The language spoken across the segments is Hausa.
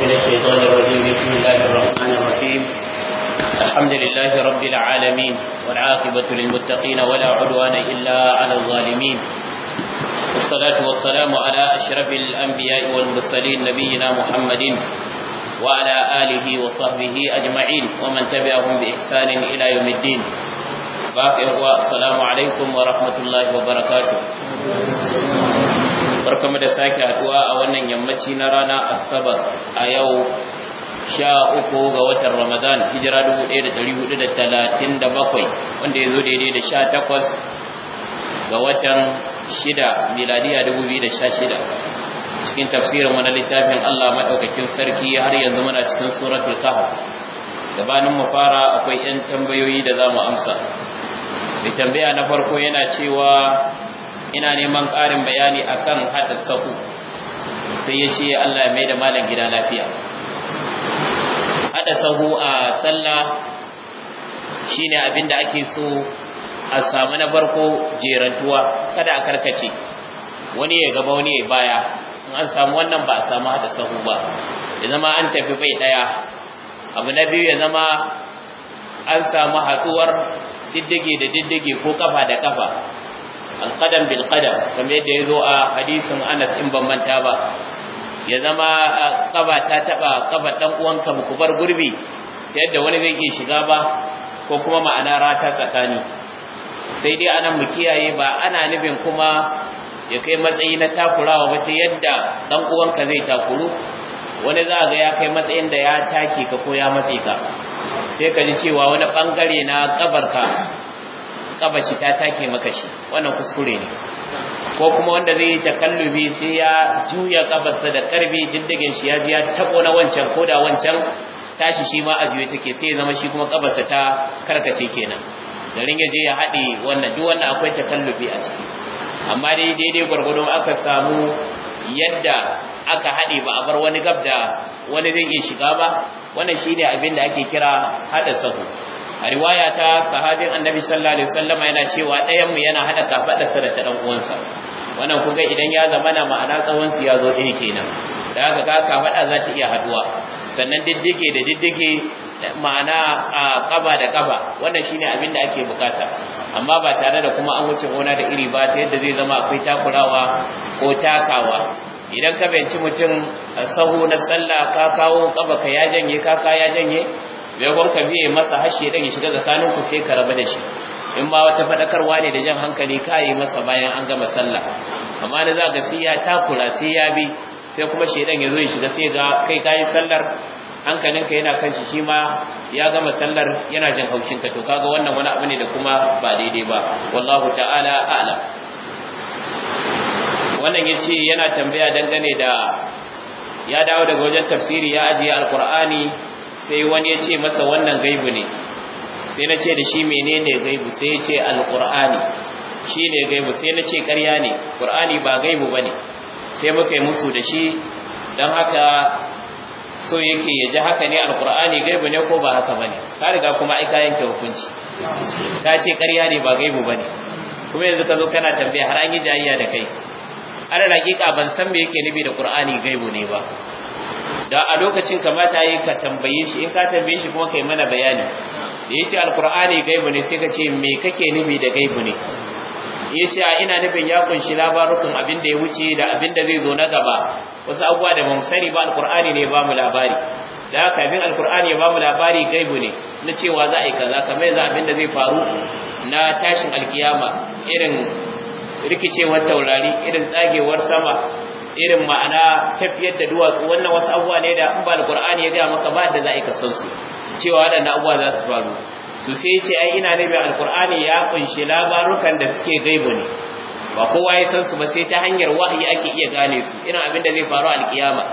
من الشيطان الرجيم بسم الله الرحمن الرحيم الحمد لله رب العالمين والعاقبة للمتقين ولا عدوان إلا على الظالمين والصلاة والسلام على أشرف الأنبياء والمرسلين نبينا محمد وعلى آله وصحبه أجمعين ومن تبعهم بإحسان إلى يوم الدين باقي السلام عليكم ورحمة الله وبركاته barkamu da sake haduwa a wannan yammaci na rana asabar a yau sha uku ga watan ramadan hijira 1437 wanda ya zo daidai da sha ga watan 6 miladiya 2016 cikin tafsirin wani littafin allah maɗaukakin sarki har yanzu muna cikin suratul kahf gabanin mu fara akwai 'yan tambayoyi da za mu amsa mai tambaya na farko yana cewa ina neman ƙarin bayani akan haɗa sahu sai ya ce Allah ya mai da malam gida lafiya haɗa sahu a sallah shine abin da ake so a samu na barko jerantuwa kada a karkace wani ya gaba wani ya baya in an samu wannan ba a samu haɗa sahu ba ya zama an tafi bai ɗaya abu na biyu ya zama an samu haɗuwar diddige da diddige ko kafa da kafa alqadam bil qadam kamar yadda ya zo a hadisin Anas in ban manta ba ya zama kaba ta taɓa kaba ɗan uwanka ku bar gurbi yadda wani zai ke shiga ba ko kuma ma'ana rata tsakani sai dai anan mu kiyaye ba ana nufin kuma ya kai matsayi na takurawa ba sai yadda ɗan uwanka zai takuru wani za a ga ya kai matsayin da ya take ka ko ya matse ka sai ka ji cewa wani bangare na kabarka kaba shi ta take maka shi wannan kuskure ne ko kuma wanda zai yi takallubi sai ya juya kabarsa da karbi diddigin shi ya ji ya tako na wancan ko da wancan tashi shi ma a juye take sai ya zama shi kuma kabarsa ta karkace kenan garin ya je ya haɗe wannan duk wannan akwai takallubi a ciki amma dai daidai gwargwado aka samu yadda aka haɗe ba a bar wani gab da wani zai iya shiga ba wannan shine abin da ake kira haɗa sahu a riwaya ta sahabin annabi sallallahu alaihi wasallam yana cewa ɗayan mu yana hada kafadarsa da ta dan uwansa wannan kuga idan ya zama na ma'ana tsawon su ya zo ɗaya kenan da haka ga kafada za ta iya haduwa sannan diddige da diddige ma'ana a kaba da kaba wannan shine abin da ake bukata amma ba tare da kuma an wuce gona da iri ba ta yadda zai zama akwai takurawa ko takawa idan ka benci mutum sahu na sallah ka kawo kaba ka ya janye ka ka ya janye bai gwan ka biye masa hashe ɗan ya shiga tsakanin ku sai ka raba da shi in ba wata faɗakarwa ne da jan hankali ka yi masa bayan an gama sallah amma da za ga sai ya takura sai ya bi sai kuma shaidan ya zo ya shiga sai ga kai kayi sallar hankalinka yana kan shi shi ma ya gama sallar yana jin haushin ka to kaga wannan wani abu ne da kuma ba daidai ba wallahu ta'ala a'la wannan yace yana tambaya dangane da ya dawo daga wajen tafsiri ya ajiye alqur'ani sai wani ya ce masa wannan gaibu ne sai na ce da shi menene gaibu sai ya ce alqur'ani ne gaibu sai na ce ƙarya ne qur'ani ba gaibu bane sai muka yi musu da shi dan haka so yake ya ji haka ne alqur'ani gaibu ne ko ba haka bane ka riga kuma ai ka yanke hukunci ka ce ƙarya ne ba gaibu bane kuma yanzu ka zo kana tambaya har an yi jayayya da kai ana hakika ban san me yake nufi da qur'ani gaibu ne ba da a lokacin kamata yi ka tambaye shi in ka tambaye shi kuma kai mana bayani da yace alqur'ani gaibu ne sai ka ce me kake nufi da gaibu ne yace a ina nufin ya kunshi labarukan abin da ya wuce da abin da zai zo na gaba wasu abubuwa da ban sani ba alqur'ani ne ba mu labari da haka bin alqur'ani ya ba mu labari gaibu ne na cewa za a yi kaza kamar yanzu abin da zai faru na tashin alkiyama irin rikicewar taurari irin tsagewar sama irin ma'ana tafiyar da duwatsu wannan wasu abuwa ne da in ba alqur'ani ya gaya maka ba da za ka san su cewa waɗannan abuwa za su faru to sai ya ce ai ina ne mai alqur'ani ya kunshi labarukan da suke gaibu ne ba kowa ya san su ba sai ta hanyar wahayi ake iya gane su irin abin da zai faru alkiyama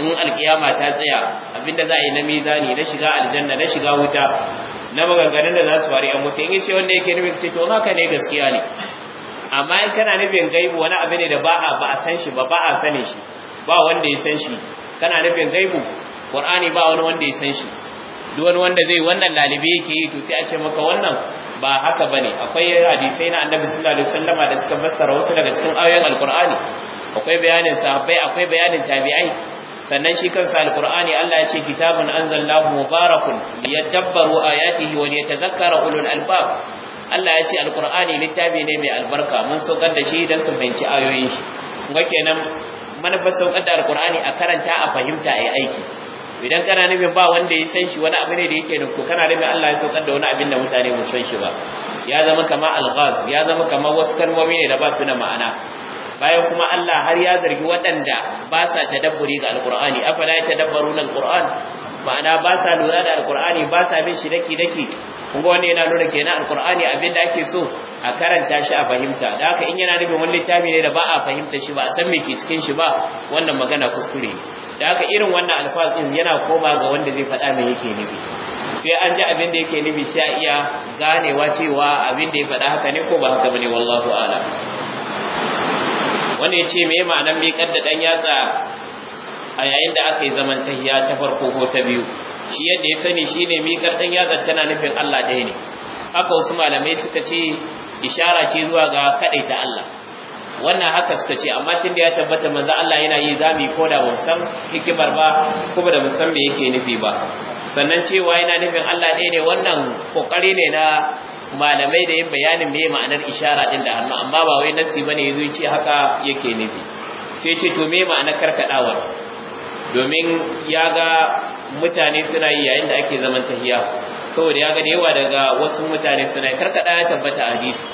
in alkiyama ta tsaya abin da za a yi na mizani na shiga aljanna na shiga wuta na maganganun da za su faru yan wuta in ce wanda yake nufin ce to haka ne gaskiya ne amma in kana nufin gaibu wani abu ne da ba a ba a san shi ba ba a sane shi ba wanda ya san shi kana nufin gaibu qur'ani ba wani wanda ya san shi duk wani wanda zai wannan lalibe yake yi to sai a ce maka wannan ba haka bane akwai hadisai na annabi sallallahu alaihi wasallama da suka fassara wasu daga cikin ayoyin alqur'ani akwai bayanin sahabbai akwai bayanin tabi'ai sannan shi kansa alqur'ani Allah ya ce kitabun anzalallahu mubarakun liyadabbaru ayatihi wa liyatadhakkara ulul albab Allah ya ce alkur'ani littafi ne mai albarka mun saukar da shi dan su fahimci ayoyin shi kuma kenan manufar saukar da alkur'ani a karanta a fahimta a aiki idan kana nufin ba wanda ya san shi wani abu ne da yake nufko kana nufin Allah ya saukar da wani abin da mutane mu san shi ba ya zama kamar alghaz ya zama kama wasu kalmomi ne da ba su da ma'ana bayan kuma Allah har ya zargi waɗanda ba sa tadabburi ga alkur'ani afala yatadabbaruna alqur'an ma'ana ba sa lura da alkur'ani ba sa bin shi daki daki kuma wanda yana nuna kenan alkur'ani abin da ake so a karanta shi a fahimta da haka in yana nufin wani littafi ne da ba a fahimta shi ba a san me ke cikin shi ba wannan magana kuskure ne da haka irin wannan alfaz din yana koma ga wanda zai faɗa mai yake nufi sai an ji abin da yake nufi sai a iya ganewa cewa abin da ya faɗa haka ne ko ba haka bane wallahu a'lam wanda ya ce me ma'anar miƙar da ɗan yatsa a yayin da aka yi zaman tahiya ta farko ko ta biyu shi yadda ya sani shi ne miƙar ɗan yatsa tana nufin Allah ɗaya ne haka wasu malamai suka ce ishara ce zuwa ga kaɗai ta Allah wannan haka suka ce amma tun da ya tabbata manzo Allah yana yi zami ko da ba san hikimar ba kuma da musan me yake nufi ba sannan cewa yana nufin Allah ɗaya ne wannan kokari ne na malamai da yin bayanin me ma'anar ishara din da hannu amma ba wai nasi bane yazo ce haka yake nufi sai ce to me ma'anar karkadawar domin ya ga mutane suna yi yayin da ake zaman tahiya saboda ya ga da yawa daga wasu mutane suna karkada ya tabbata hadisi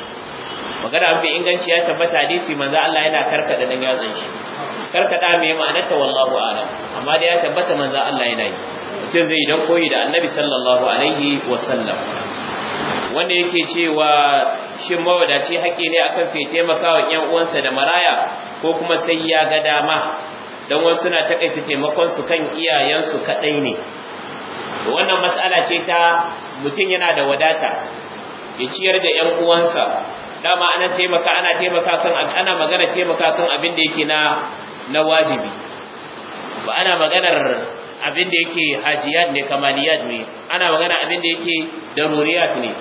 magana bi inganci ya tabbata hadisi manzo Allah yana karkada dan yatsan shi karkada mai ma'anarta wallahu a'lam amma da ya tabbata manzo Allah yana yi mutum zai idan koyi da annabi sallallahu alaihi wa sallam wanda yake cewa shin mawadaci haƙƙi ne akan sai taimakawa ƴan uwansa da maraya ko kuma sai ya ga dama don wasu suna takaita taimakon su kan iyayensu kadai ne wannan matsala ce ta mutum yana da wadata ya ciyar da ƴan uwansa dama ana taimaka ana taimaka kan ana magana taimaka kan abin da yake na na wajibi ba ana maganar abin da yake hajiyat ne kamaliyat ne ana magana abin da yake daruriyat ne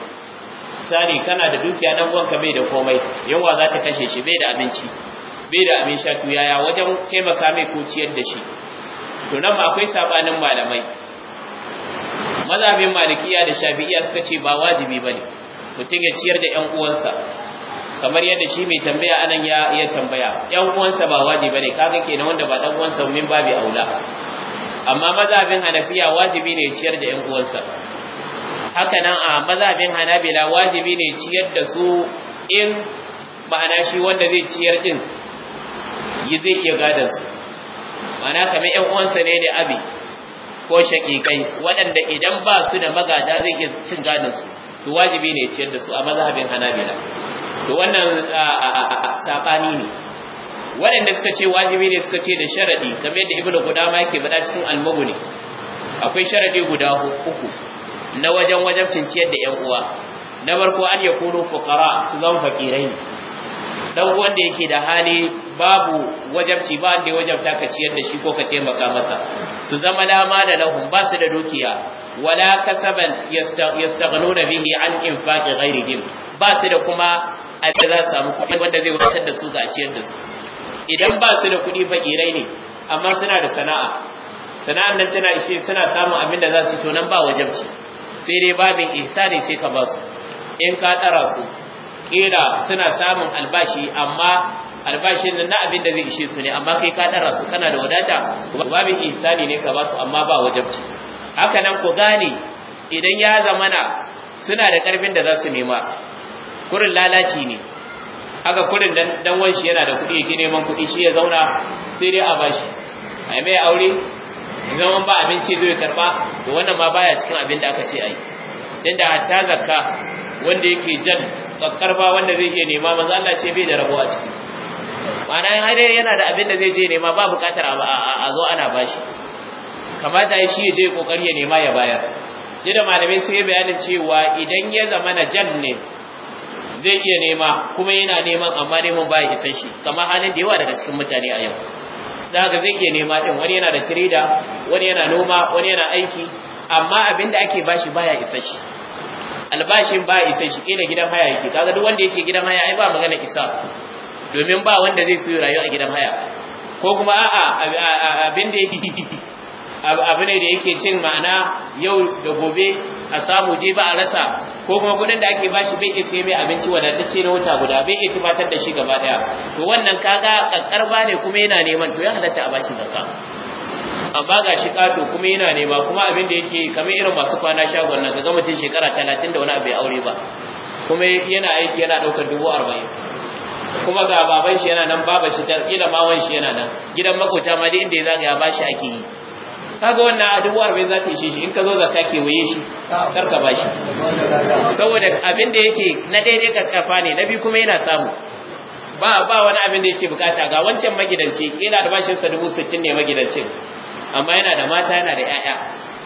Sani kana da dukiya dan uwanka bai da komai yawa za ta kashe shi bai da abinci bai da abin sha yaya wajen taimaka mai ko ciyar da shi to nan ma akwai sabanin malamai mazhabin malikiya da shafi'iya suka ce ba wajibi bane mutum ya ciyar da ƴan uwansa kamar yadda shi mai tambaya anan ya ya tambaya ƴan uwansa ba wajibi bane kaga kenan wanda ba dan uwansa min babi aula amma mazhabin hanafiya wajibi ne ciyar da ƴan uwansa haka nan a mazhabin hanabila wajibi ne ciyar da su in ma'ana shi wanda zai ciyar din yi zai iya gadon su mana kamar yan uwansa ne da abi ko shaƙiƙai waɗanda idan ba su da magada zai iya cin gadon su to wajibi ne ciyar da su a mazhabin Hanabila to wannan sabani ne waɗanda suka ce wajibi ne suka ce da sharadi kamar yadda ibnu Qudama yake faɗa cikin Al-Mughni akwai sharadi guda uku na wajen wajabcin ciyar da 'yan uwa na farko an yakunu fuqara su zama fakirai dan wanda yake da hali babu wajabci ba da ya wajabta ka ciyar da shi ko ka taimaka masa su zama lama da lahum ba su da dukiya wala kasaban yastaghnuna bihi an infaqi ghairihim ba su da kuma abin za su samu kuɗi wanda zai wadatar da su ga ciyar da su idan ba su da kuɗi fakirai ne amma suna da sana'a sana'an nan tana ishe suna samun abin da za su to nan ba wajabci sai dai babin ihsani sai ka ba su in ka tara su Ƙera suna samun albashi amma albashin nan na abin da zai ishe su ne amma kai ka dara su kana da wadata babin isani ne ka ba su amma ba wajabci haka nan ku gane idan ya zamana suna da karfin da za su nema kurin lalaci ne haka kurin dan wanshi yana da kuɗi yake neman kuɗi shi ya zauna sai dai a bashi a mai aure zaman ba abinci zai karba to wannan ma baya cikin abin da aka ce ai dan da hatta zakka wanda yake jan kakkarfa wanda zai iya nema manzo Allah ce bai da rabo a ciki ma'ana in har yana da abin da zai je nema ba bukatar a zo ana bashi kamata ya shi ya je kokari ya nema ya bayar ji da malamai sai ya bayanin cewa idan ya zama na jan ne zai iya nema kuma yana neman amma neman ba ya shi kamar halin da yawa daga cikin mutane a yau da haka zai iya nema din wani yana da tirida wani yana noma wani yana aiki amma abin da ake bashi baya isa shi albashin ba isa shi kila gidan haya yake kaga duk wanda yake gidan haya ai ba magana isa domin ba wanda zai so rayuwa a gidan haya ko kuma a'a abin da yake abu ne da yake cin ma'ana yau da gobe a samu je ba a rasa ko kuma kudin da ake bashi bai isa mai abinci wadatacce na wuta guda bai iya tumatar da shi gaba daya to wannan kaga kakkarba ne kuma yana neman to ya halatta a bashi zakka amma ga shi kato kuma yana nema kuma abin da yake kamar irin masu kwana shagon nan ga mutum shekara talatin da wani abu ya aure ba kuma yana aiki yana ɗaukar dubu arba'in kuma ga baban shi yana nan baba shi kila mawan shi yana nan gidan makota ma dai inda ya ya ba shi ake yi kaga wannan a dubu arba'in za ta ishe shi in ka zo zaka ke waye shi kar ka bashi saboda abin da yake na daidai karkafa ne na biyu kuma yana samu ba ba wani abin da yake bukata ga wancan magidanci da bashin sa dubu sittin ne magidancin amma yana da mata yana da ƴaƴa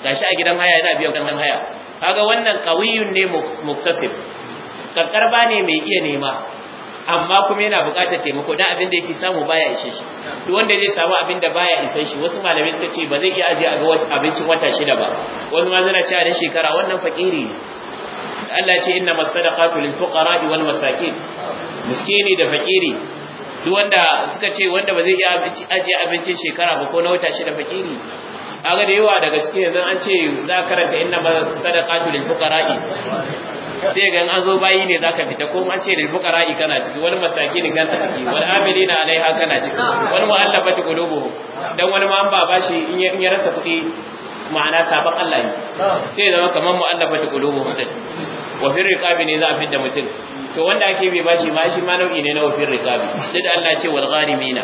gashi a gidan haya yana biyan kan haya kaga wannan qawiyun ne muktasib kakkarba ne mai iya nema amma kuma yana buƙatar taimako dan abin da yake samu baya ishe shi to wanda zai samu abin da baya ishe shi wasu malamai suka ce ba zai iya aje a ga abincin wata shida ba wani ma zana cewa na shekara wannan fakiri ne Allah ce inna masadaqatu lil fuqara wal masakin miskini da fakiri duk wanda suka ce wanda ba zai iya ajiye abinci shekara ba ko na wata shida fakiri kaga da yawa daga cikin yanzu an ce za ka ranta inna ba sadaqatu lil fuqara'i sai ga an zo bayi ne zaka fita ko an ce lil fuqara'i kana ciki wani ne kansa ciki wal amilina alaiha kana ciki wani mu'allafati qulubuhum dan wani ma an ba bashi in ya rasa kuɗi ma'ana sabon Allah ne sai zama kamar mu'allafati qulubuhum wafin riqabi ne za a fidda mutum to wanda ake bai bashi ma shi ma nau'i ne na wafin riqabi sai da Allah ce wal ghalimina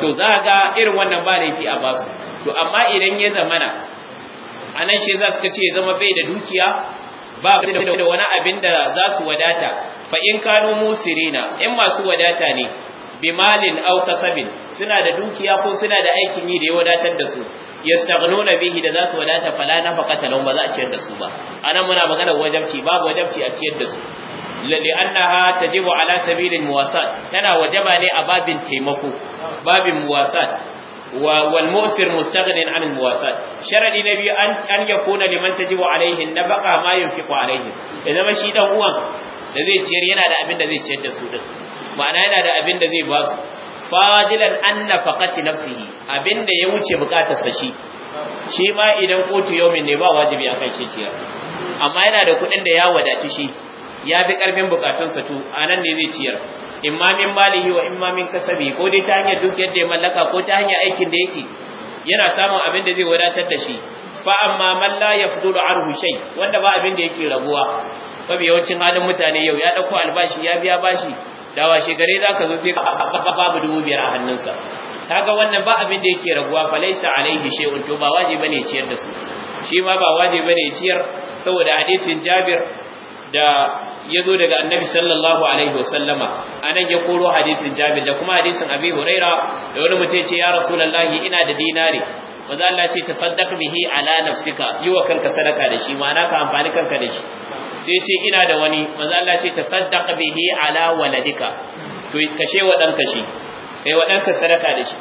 to za ga irin wannan ba laifi a basu to amma idan ya zamana anan shi za su ce zama bai da dukiya ba da wani abin da za su wadata fa in kanu musirina in masu wadata ne bimalin au kasabin suna da dukiya ko suna da aikin yi da ya wadatar da su yastaghnuna bihi da zasu wadata fala na faqata lahum ba za a ciyar da su ba anan muna magana wajabci babu wajabci a ciyar da su lalle annaha tajibu ala sabilil muwasat tana wajaba ne a babin taimako babin muwasat wa wal mu'sir mustaghnin an al na sharadi nabi an an yakuna liman tajibu alayhi nabqa ma yunfiqu alayhi idan shi dan uwan da zai ciyar yana da abin da zai ciyar da su ma'ana yana da abin da zai ba su fadilan an nafaqati nafsihi abin da ya wuce bukatar sa shi shi ma idan kotu yau ne ba wajibi a shi ciya amma yana da kuɗin da ya wadaci shi ya bi karfin sa to anan ne zai ciyar imma min malihi wa imma min kasabi ko dai ta hanyar duk yadda ya mallaka ko ta hanyar aikin da yake yana samun abin da zai wadatar da shi fa amma man la yafdulu anhu shay wanda ba abin da yake rabuwa fa yawancin halin mutane yau ya dauko albashi ya biya bashi da washe gare za ka zo sai ka babu dubu biyar a hannunsa ga wannan ba abin da yake raguwa fa laysa alaihi shay'un to ba wajibi bane ciyar da su shi ma ba wajibi bane ciyar saboda hadisin Jabir da zo daga Annabi sallallahu alaihi wasallama anan ya koro hadisin Jabir da kuma hadisin Abi Huraira da wani mutum ya ce ya Rasulullahi ina da dinari manzo Allah ce tasaddaq bihi ala nafsika yi wa kanka sadaka da shi ma'ana ka amfani kanka da shi sai ce ina da wani manzo Allah ce tasaddaq bihi ala waladika to kashe wa dan kashi kai wa sadaka da shi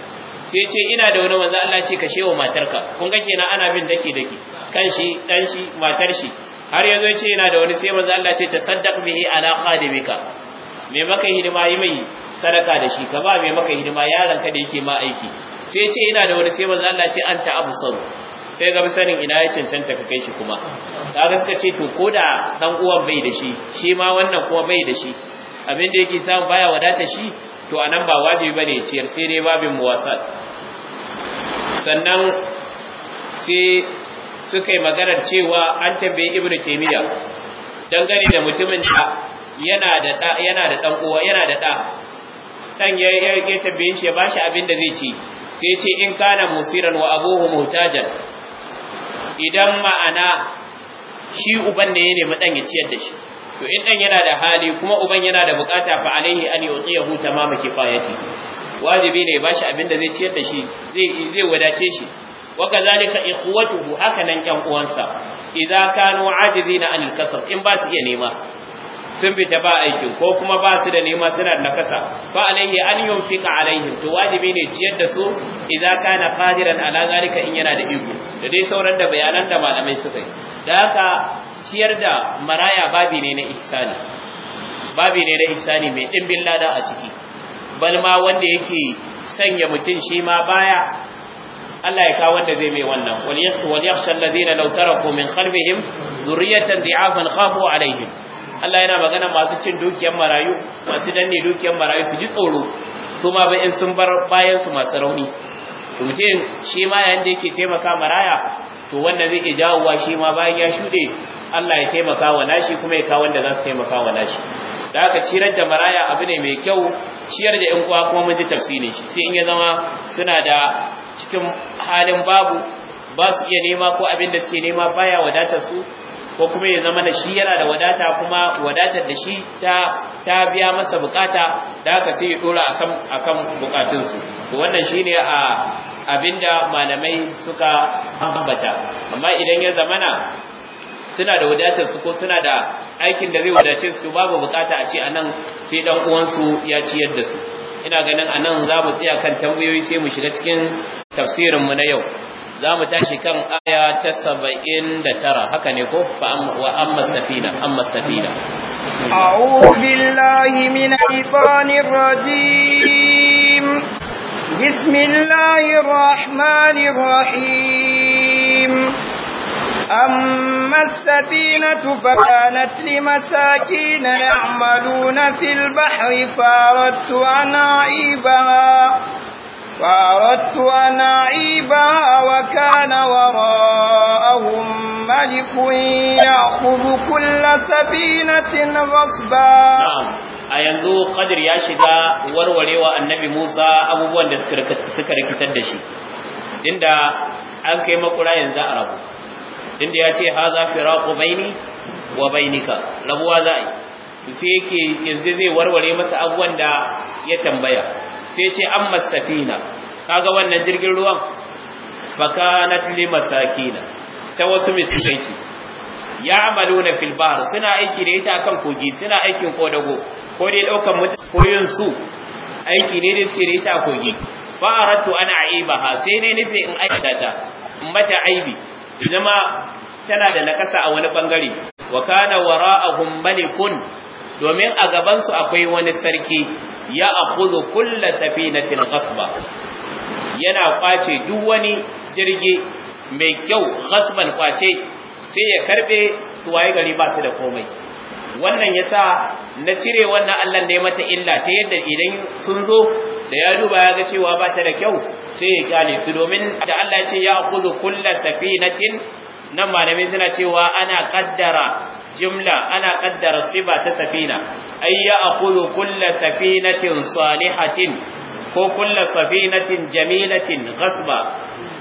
sai ce ina da wani manzo Allah ce kashe wa matarka kun ga kenan ana bin dake dake kan shi dan shi matar shi har yanzu ya ce ina da wani sai manzo Allah ce ta tasaddaq bihi ala khadimika me maka hidima yi mai sadaka da shi ka ba me maka hidima yaron ka da yake ma aiki sai ce ina da wani sai manzo Allah ce anta absar sai ga sanin ina ya cancanta ka kai shi kuma kaga suka ce to da dan uwan bai da shi shi ma wannan kuma bai da shi abin da yake samu baya wadata shi to anan ba wajibi bane ciyar sai dai babin muwasat sannan sai suka yi maganar cewa an tambaye ibnu taymiya dangane da mutumin da yana da da yana da dan uwa yana da da dan ya ya tambaye shi ya bashi abin da zai ci sai ce in kana musiran wa abuhu mutajan idan ma'ana shi uban ne ya nemi ɗan ya ciyar da shi to in ɗan yana da hali kuma uban yana da bukata fa alaihi an yusiyahu tamama kifayati wajibi ne bashi abin da zai ciyar da shi zai zai wadace shi wa kazalika ikhwatuhu haka nan yan uwansa idza kanu ajizina anil kasr in ba su iya nema sun fita ba aikin ko kuma ba su da nema suna da nakasa fa alaihi an yunfika alaihim to wajibi ne ciyar da su idza kana qadiran ala zalika in yana da iko da dai sauran da bayanan da malamai suka yi da haka ciyar da maraya babi ne na ihsani babi ne na ihsani mai dimbin lada a ciki bal ma wanda yake sanya mutum shi ma baya Allah ya kawo wanda zai mai wannan wal yakhsha alladhina law taraku min khalfihim dhurriyatan dhi'afan khafu alaihim Allah yana magana masu cin dukiyar marayu masu danne dukiyar marayu su ji tsoro su ma ba in sun bar bayan su masu rauni to mutum shi ma yayin da yake taimaka maraya to wannan zai iya wa shi ma bayan ya shuɗe Allah ya taimaka wa nashi kuma ya kawo wanda za su taimaka wa nashi da aka cirar da maraya abu ne mai kyau ciyar da 'yan uwa kuma mun ji tafsirin shi sai in ya zama suna da cikin halin babu ba su iya nema ko abin da suke nema baya wadatar su ko kuma ya zama da shi yana da wadata kuma wadatar da shi ta ta biya masa bukata da haka sai ya dora akan akan bukatun su to wannan shine a abinda malamai suka ambata amma idan ya zamana suna da wadatar su ko suna da aikin da zai wadace su babu bukata a ce anan sai dan uwansu ya ciyar da su ina ganin anan za mu tsaya kan tambayoyi sai mu shiga cikin tafsirin mu na yau za mu tashi kan aya ta saba'in da tara haka ne ko wa amma safina amma safina billahi minash shaitanir rajim bismillahir rahmanir rahim أما السفينة فكانت لمساكين يعملون في البحر فارت عن عيبها فأردت أن أعيبها وكان وراءهم ملك يأخذ كل سفينة غصبا a yanzu qadir ya shiga warwarewa annabi Musa abubuwan da suka rikitar da shi inda an kai makura yanzu a rabu inda ya ce haza firaqu baini wa bainika rabuwa za a yi sai yake yanzu zai warware masa abubuwan da ya tambaya sai ce amma safina kaga wannan jirgin ruwan na li masakina ta wasu miskinai ce ya'maluna fil bahr suna aiki da ita kan kogi suna aikin kodago ko dai daukan mutane su aiki ne da suke da ita a kogi fa aradtu ana ha sai ne nufi in aikata ta mata aibi zama tana da nakasa a wani bangare wa kana wara'ahum malikun domin a gabansu akwai wani sarki ya akuzu kulla safinatin ghasba yana kwace duk wani jirgi mai kyau ghasban kwace sai ya karbe su waye gari ba su da komai wannan yasa na cire wannan Allah ya mata illa ta yadda idan sun zo da ya duba ya ga cewa ba ta da kyau sai ya gane su domin da Allah ce ya akuzu kulla safinatin nan malamai suna cewa ana kaddara jimla, ana kaddara siba ta safina ay ya'khudhu kull safinatin salihatin ko kull safinatin jamilatin ghasba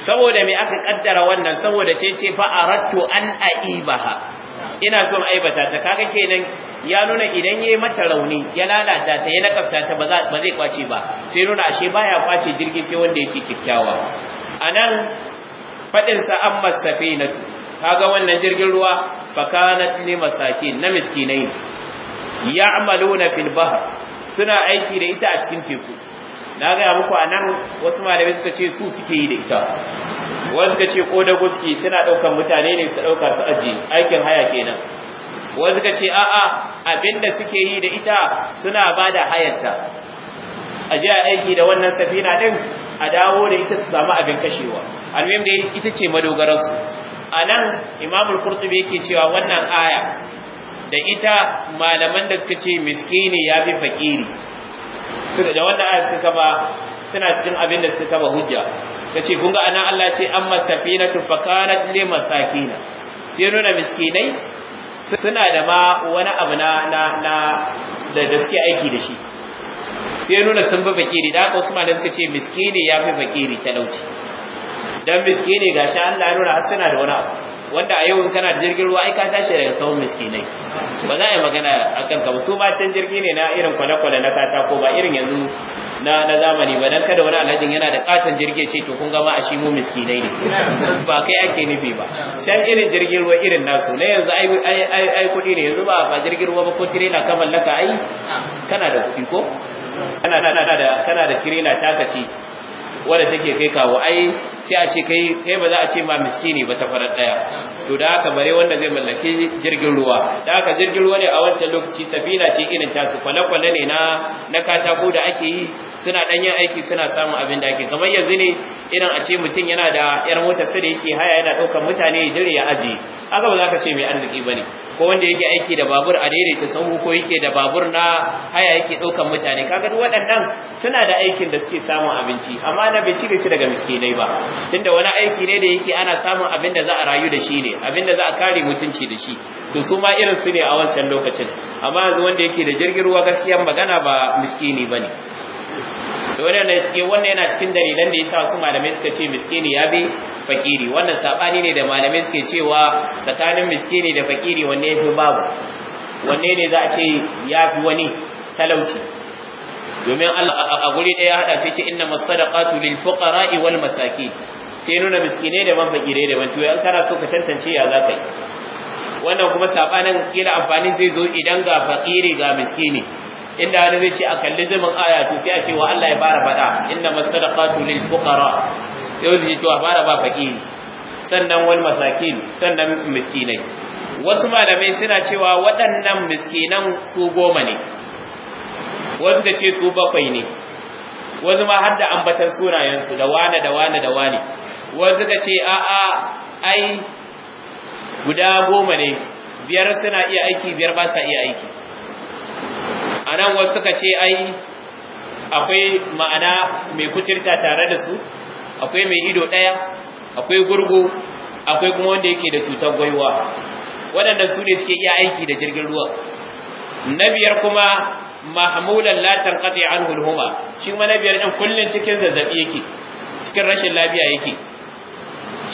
saboda me aka kaddara wannan saboda ce ce fa aratu an aibaha ina son aibata ta kaga kenan ya nuna idan yayi mata rauni ya lalata ta ya nakasta ta ba zai kwace ba sai nuna ashe baya kwace jirgi sai wanda yake kikkiawa anan fadin sa amma safinatu kaga wannan jirgin ruwa fa fakanat ni masakin na miskinai ya'maluna fil bahr suna aiki da ita a cikin teku na ga muku anan wasu malamai suka ce su suke yi da ita wani suka ce kodago suke suna daukan mutane ne su dauka su aje aikin haya kenan wani suka ce a'a abinda suke yi da ita suna bada hayarta a aiki da wannan safina din a dawo da ita su samu abin kashewa almuhim da ita ce madogararsu a nan imamul qurtubi yake cewa wannan aya da ita malaman da suka ce miskini ya fi fakiri suka da wannan aya suka ba suna cikin abin da suka kaba hujja kace kun ga anan Allah ce amma safinatu fakanat li masakina sai nuna miskinai suna da ma wani abu na da da suke aiki da shi sai nuna sun bi fakiri da haka Usman da suka ce miskini ya fi fakiri talauci dan miskini gashi Allah ya nuna har suna da wani abu wanda a yau kana da jirgin ruwa ai ka tashi daga sauran miskinai ba za a yi magana akan ka su ba can jirgi ne na irin kwale-kwale na katako ba irin yanzu na na zamani ba dan kada wani alhajin yana da katon jirgi ce to kun ga ma a shi mu miskinai ne ba kai ake nufi ba can irin jirgin ruwa irin nasu na yanzu ai ai ai kuɗi ne yanzu ba ba jirgin ruwa ba ko tirena ka mallaka ai kana da kuɗi ko kana da kana da tirela taka ce wadda take kai kawo ai sai a ce kai kai ba za a ce ma miskini ba ta farar daya to da haka bare wanda zai mallaki jirgin ruwa da haka jirgin ruwa ne a wancan lokaci sabina ce irin tasu kwale-kwale ne na na katako da ake yi suna dan yin aiki suna samun abin da ake kamar yanzu ne irin a ce mutum yana da yar mota sa da yake haya yana daukar mutane ya dire ya aje haka ba za ka ce mai arziki ne. ko wanda yake aiki da babur a daidaita sahu ko yake da babur na haya yake daukar mutane kaga duk waɗannan suna da aikin da suke samun abinci amma na bai cire shi daga miskinai ba tunda wani aiki ne da yake ana samun abin da za a rayu da shi ne abin da za a kare mutunci da shi to su ma irin su ne a wancan lokacin amma yanzu wanda yake da jirgin ruwa gaskiya magana ba miskini bane to wannan ne cikin wannan yana cikin dalilan da yasa su malamai suka ce miskini ya bi fakiri wannan sabani ne da malamai suke cewa tsakanin miskini da fakiri wanne yafi babu wanne ne za a ce fi wani talauci domin a guri ɗaya haɗa sai ce inna masadaqatu lil fuqara'i wal masaki sai nuna miskinai da mafakire da man to an kana so ka tantance ya za yi wannan kuma sabanin kila amfanin zai zo idan ga fakiri ga miskine inda wani zai ce a kalli zumin aya to sai a ce wa Allah ya fara faɗa inna masadaqatu lil fuqara yau zai to a fara ba fakiri sannan wal masakin sannan miskinai wasu malamai suna cewa waɗannan miskinan su goma ne wasu da ce su bakwai ne wasu ma har da ambatan sunayensu da wane da wane da wane wasu da ce a a ai guda goma ne biyar suna iya aiki biyar ba sa iya aiki a nan wasu suka ce ai akwai ma'ana mai kuturta tare da su akwai mai ido ɗaya akwai gurgu akwai kuma wanda yake da cutar gwaiwa waɗanda su ne suke iya aiki da jirgin ruwa na biyar kuma محمولا لا تنقطع عنه الهما شي ما biyar din cikin zazzabi yake cikin rashin lafiya yake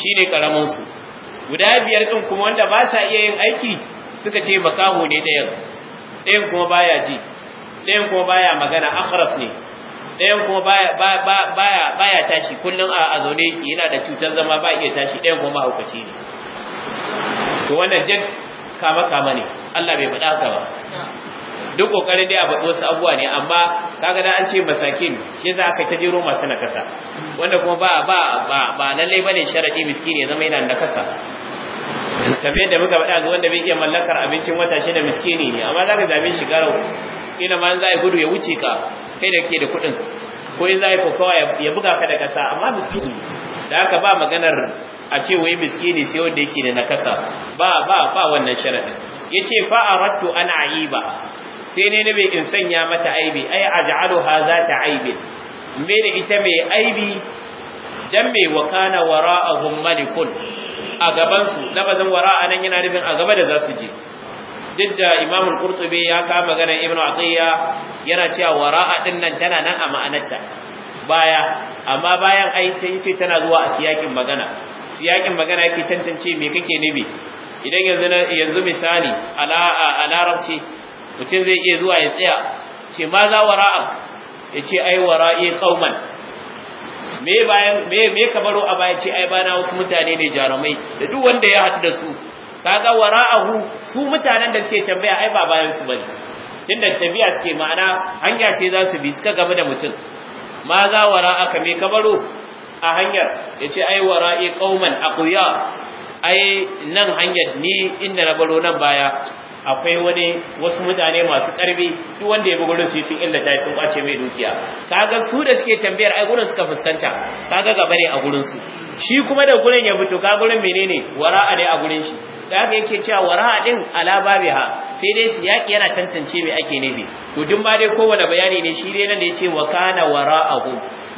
shine karamin su guda biyar din kuma wanda ba sa iya yin aiki suka ce makaho ne ɗayan ɗayan kuma baya ji ɗayan kuma baya magana akhras ne ɗayan kuma baya baya baya tashi kullun a zaune yake yana da cutar zama ba iya tashi ɗayan kuma mahaukaci ne to wannan jin kama kama ne Allah bai faɗa ka ba duk kokarin dai a faɗi wasu abuwa ne amma kaga da an ce masakin shi za ka ta jiro masu nakasa wanda kuma ba ba ba ba lalle bane sharadi miskini ya zama yana nakasa kamar yadda muka faɗa ga wanda bai iya mallakar abincin wata shi da miskini ne amma zaka zabe shi garau ina, ma za ya gudu ya wuce ka kai da ke da kuɗin ko in za ya kokawa ya buga ka da kasa amma miskini da haka ba maganar a ce wai miskini sai wanda yake da nakasa ba ba ba wannan sharadin yace fa aradtu an aiba sai ne nabi in sanya mata aibi ai aj'aluha zata aibi mene ita mai aibi dan mai wakana wara'ahum malikun a gaban su labazin wara'a nan yana nufin a gaba da za su je duk da imamul qurtubi ya ka magana ibnu atiya yana cewa wara'a din nan tana nan a ma'anarta baya amma bayan ai ta yace tana zuwa a siyakin magana siyakin magana yake tantance me kake nubi idan yanzu yanzu misali a larabci mutum zai iya zuwa ya tsaya ce ma za ra'a? ya ce ai wara'i kauman me me a baya ce ai bana wasu mutane ne jarumai da duk wanda ya haɗu da su kaga hu? su mutanen da suke tambaya ai ba bayan su bane tunda tafiya suke ma'ana hanya ce za su bi suka gama da mutum ma za ka me baro a hanyar ya ce ai wara'i kauman akuya ai nan hanyar ni inda na baro nan baya akwai wani wasu mutane masu karbi duk wanda ya bi gurin su sun illa sun kwace mai dukiya kaga su da suke tambayar ai gurin suka fuskanta kaga gaba ne a gurin su shi kuma da gurin ya fito ka gurin menene wara'a ne a gurin shi da yake cewa wara'a din ala babiha sai dai su yaki yana tantance mai ake nabi to duk ma dai kowane bayani ne shi dai nan da yace wa kana wara'ahum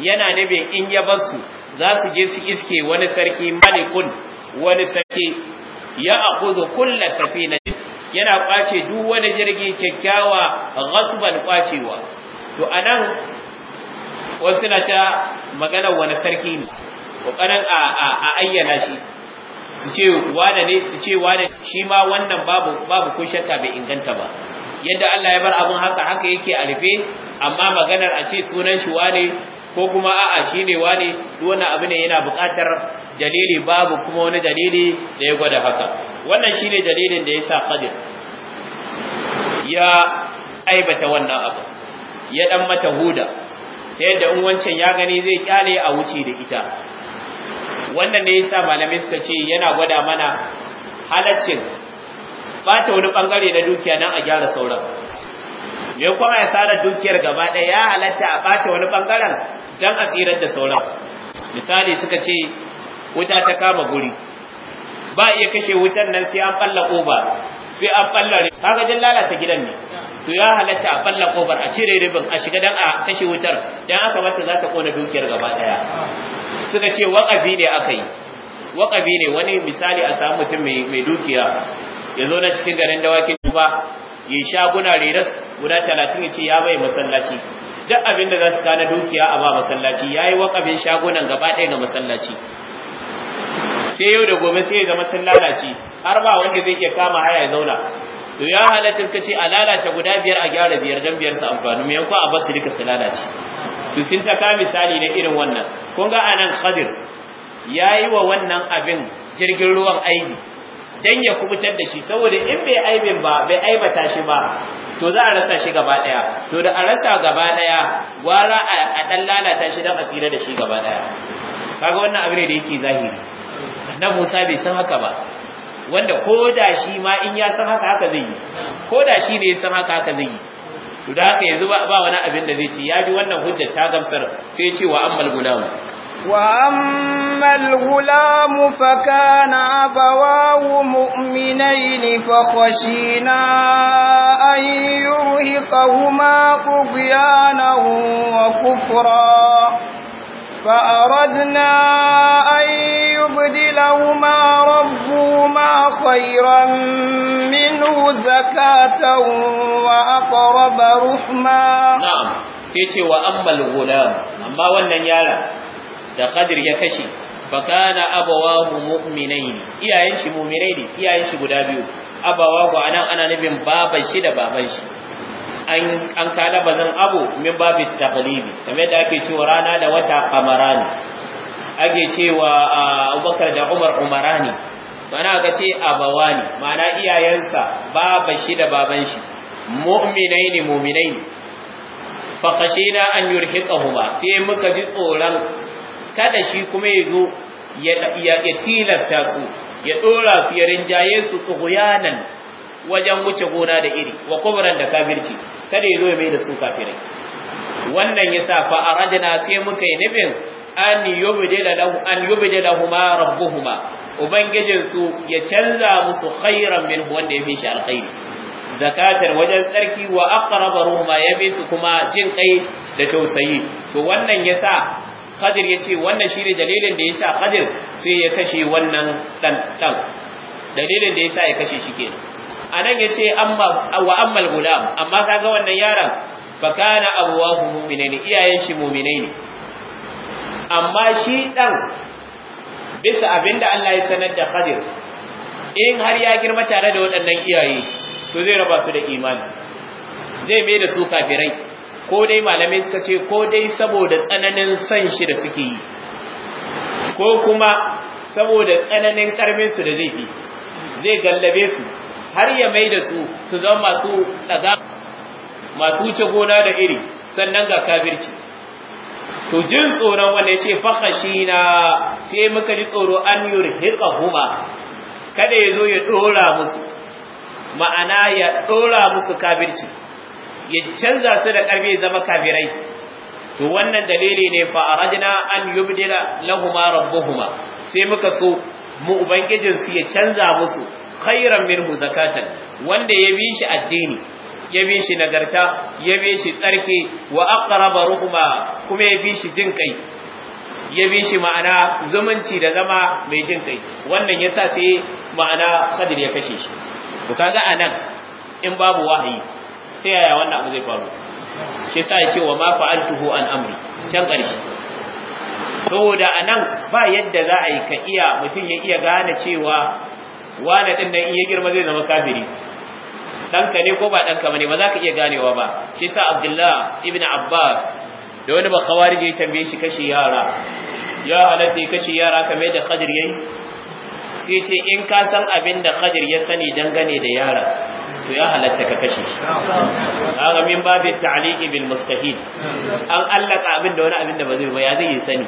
yana nabin in ya bar su za su je su iske wani sarki malikun wani sarki ya aqudu kulla safina yana kwace duk wani jirgi kyakkyawa ghasban kwacewa to anan wasu na ta magana wani sarki ne kokarin a a ayyana shi su ce wane ne su ce wane shi ma wannan babu babu ko bai inganta ba yadda Allah ya bar abun haka haka yake a rufe amma maganar a ce sunan shi wane ko kuma a'a shine wane duk wannan abu ne yana buƙatar dalili babu kuma wani dalili da ya gwada haka wannan shine dalilin da ya sa Khadir ya aibata wannan abu ya dan mata huda ta yadda in wancan ya gani zai kyale a wuce da ita wannan ne sa malamai suka ce yana gwada mana halaccin bata wani bangare na dukiya nan a gyara sauran me kuma ya sara dukiyar gaba ɗaya ya halatta a bata wani bangaren don a tsirar da sauran misali suka ce wuta ta kama guri ba iya kashe wutan nan sai an falla koba sai an balla kaga dan lalata gidan ne to ya halatta a falla kobar a cire ribin a shiga dan a kashe wutar dan aka bata za ta kona dukiyar gaba daya suka ce waƙafi ne aka yi ne wani misali a samu mutum mai dukiya ya zo na cikin garin dawakin duba ya shaguna reras guda talatin ya ce ya bai masallaci duk abin da za su kana dukiya a ba masallaci ya yi waƙabin shagunan gaba ɗaya ga masallaci sai yau da gobe sai ya zama sun lalace har ba wanda zai ke kama haya ya zauna to ya halatta ka ce a lalata guda biyar a gyara biyar dan biyar su amfani mai yanko a su duka su lalace to sun ta ka misali na irin wannan kun ga anan khadir ya yi wa wannan abin jirgin ruwan aibi dan ya kubutar da shi saboda in bai aibin ba bai aibata shi ba to za a rasa shi gaba daya to da a rasa gaba daya gwara a dan lalata shi dan a tsira da shi gaba daya kaga wannan abin da yake zahiri na Musa bai san haka ba wanda ko da shi ma in ya san haka haka zai yi ko da shi ne ya san haka haka zai yi to da haka yanzu ba wani abin da zai ce ya ji wannan hujjar ta gamsar sai ya ce wa ammal gulam وأما الغلام mu'minain fa khashina ay أن يرهقهما wa kufra فأردنا أن يبدلهما ربهما خيرا منه زكاة وأقرب رحما نعم سيتي وأما الغلام أما ولا يالا da Kadir ya kashe fakana abawahu mu'minaini iyayen shi mu'minai ne iyayen shi guda biyu abawahu anan ana nufin baban shi da baban shi an kada bazan abu min babu taqlibi kamar da ake cewa rana da wata kamarani ake cewa Abubakar da Umar umarani bana ga ce abawani mana iyayensa baba shi da baban shi mu'minaini mu'minaini fa khashina an yurhiqahuma sai muka ji tsoron kada shi kuma ya zo ya tilasta su ya dora su ya rinjaye su tsuguyanan wajen wuce gona da iri wa kubran da kafirci kada ya ya mai da su kafirai wannan yasa fa aradna sai muka yi nufin an yubdila lahu an yubdila huma rabbuhuma ubangijin su ya canza musu khairan min wanda ya fi shi alkhairi zakatar wajen tsarki wa aqrabu ruhma ya su kuma jin kai da tausayi to wannan yasa ya yace wannan shine dalilin da yasa Qadir sai ya kashe wannan dan dan dalilin da yasa ya kashe shi kenan anan yace amma wa ammal gulam amma kaga wannan yaron fa kana muminai ne, iyayen shi mu'minai ne amma shi ɗan bisa abinda Allah ya sanar da Khadir in har ya girma tare da waɗannan iyaye to zai raba su da imani zai mai da su kafirai ko dai malamai suka ce ko dai saboda tsananin san shi da suke yi ko kuma saboda tsananin karmin su da zai fi zai gallabe su har ya mai da su su zama masu ɗaga masu wuce gona da iri sannan ga kafirci to jin tsoron wanda ya ce na sai muka ji tsoro an yurhiqa huma kada ya zo ya ɗora musu ma'ana ya ɗora musu kafirci ya canza su da ƙarfi zama kafirai to wannan dalili ne fa arajna an yubdila lahuma rabbuhuma sai muka so mu ubangijin su ya canza musu khairan minhu zakatan wanda ya bi shi addini ya bi shi nagarta ya bi shi tsarki wa aqraba ruhuma kuma ya bi shi jin kai ya bi shi ma'ana zumunci da zama mai jin kai wannan yasa sai ma'ana kadir ya kashe shi to kaga anan in babu wahayi sai yaya wannan abu zai faru shi sa ya ce wa ma fa'altuhu an amri can ƙarshe saboda anan ba yadda za a yi ka iya mutum ya iya gane cewa wane din nan in ya girma zai zama kafiri ɗanka ne ko ba ɗanka ba ne ba za ka iya ganewa ba shi sa abdullah ibn abbas da wani ba khawarij ya tambaye shi kashi yara ya halatta kashi yara kame da khadir yayi sai ce in ka san abin da khadir ya sani dangane da yara to ya halatta ka kashe shi kaga min babu ta'liqi bil mustahid an allaka abin da wani abin da ba zai ba ya zai sani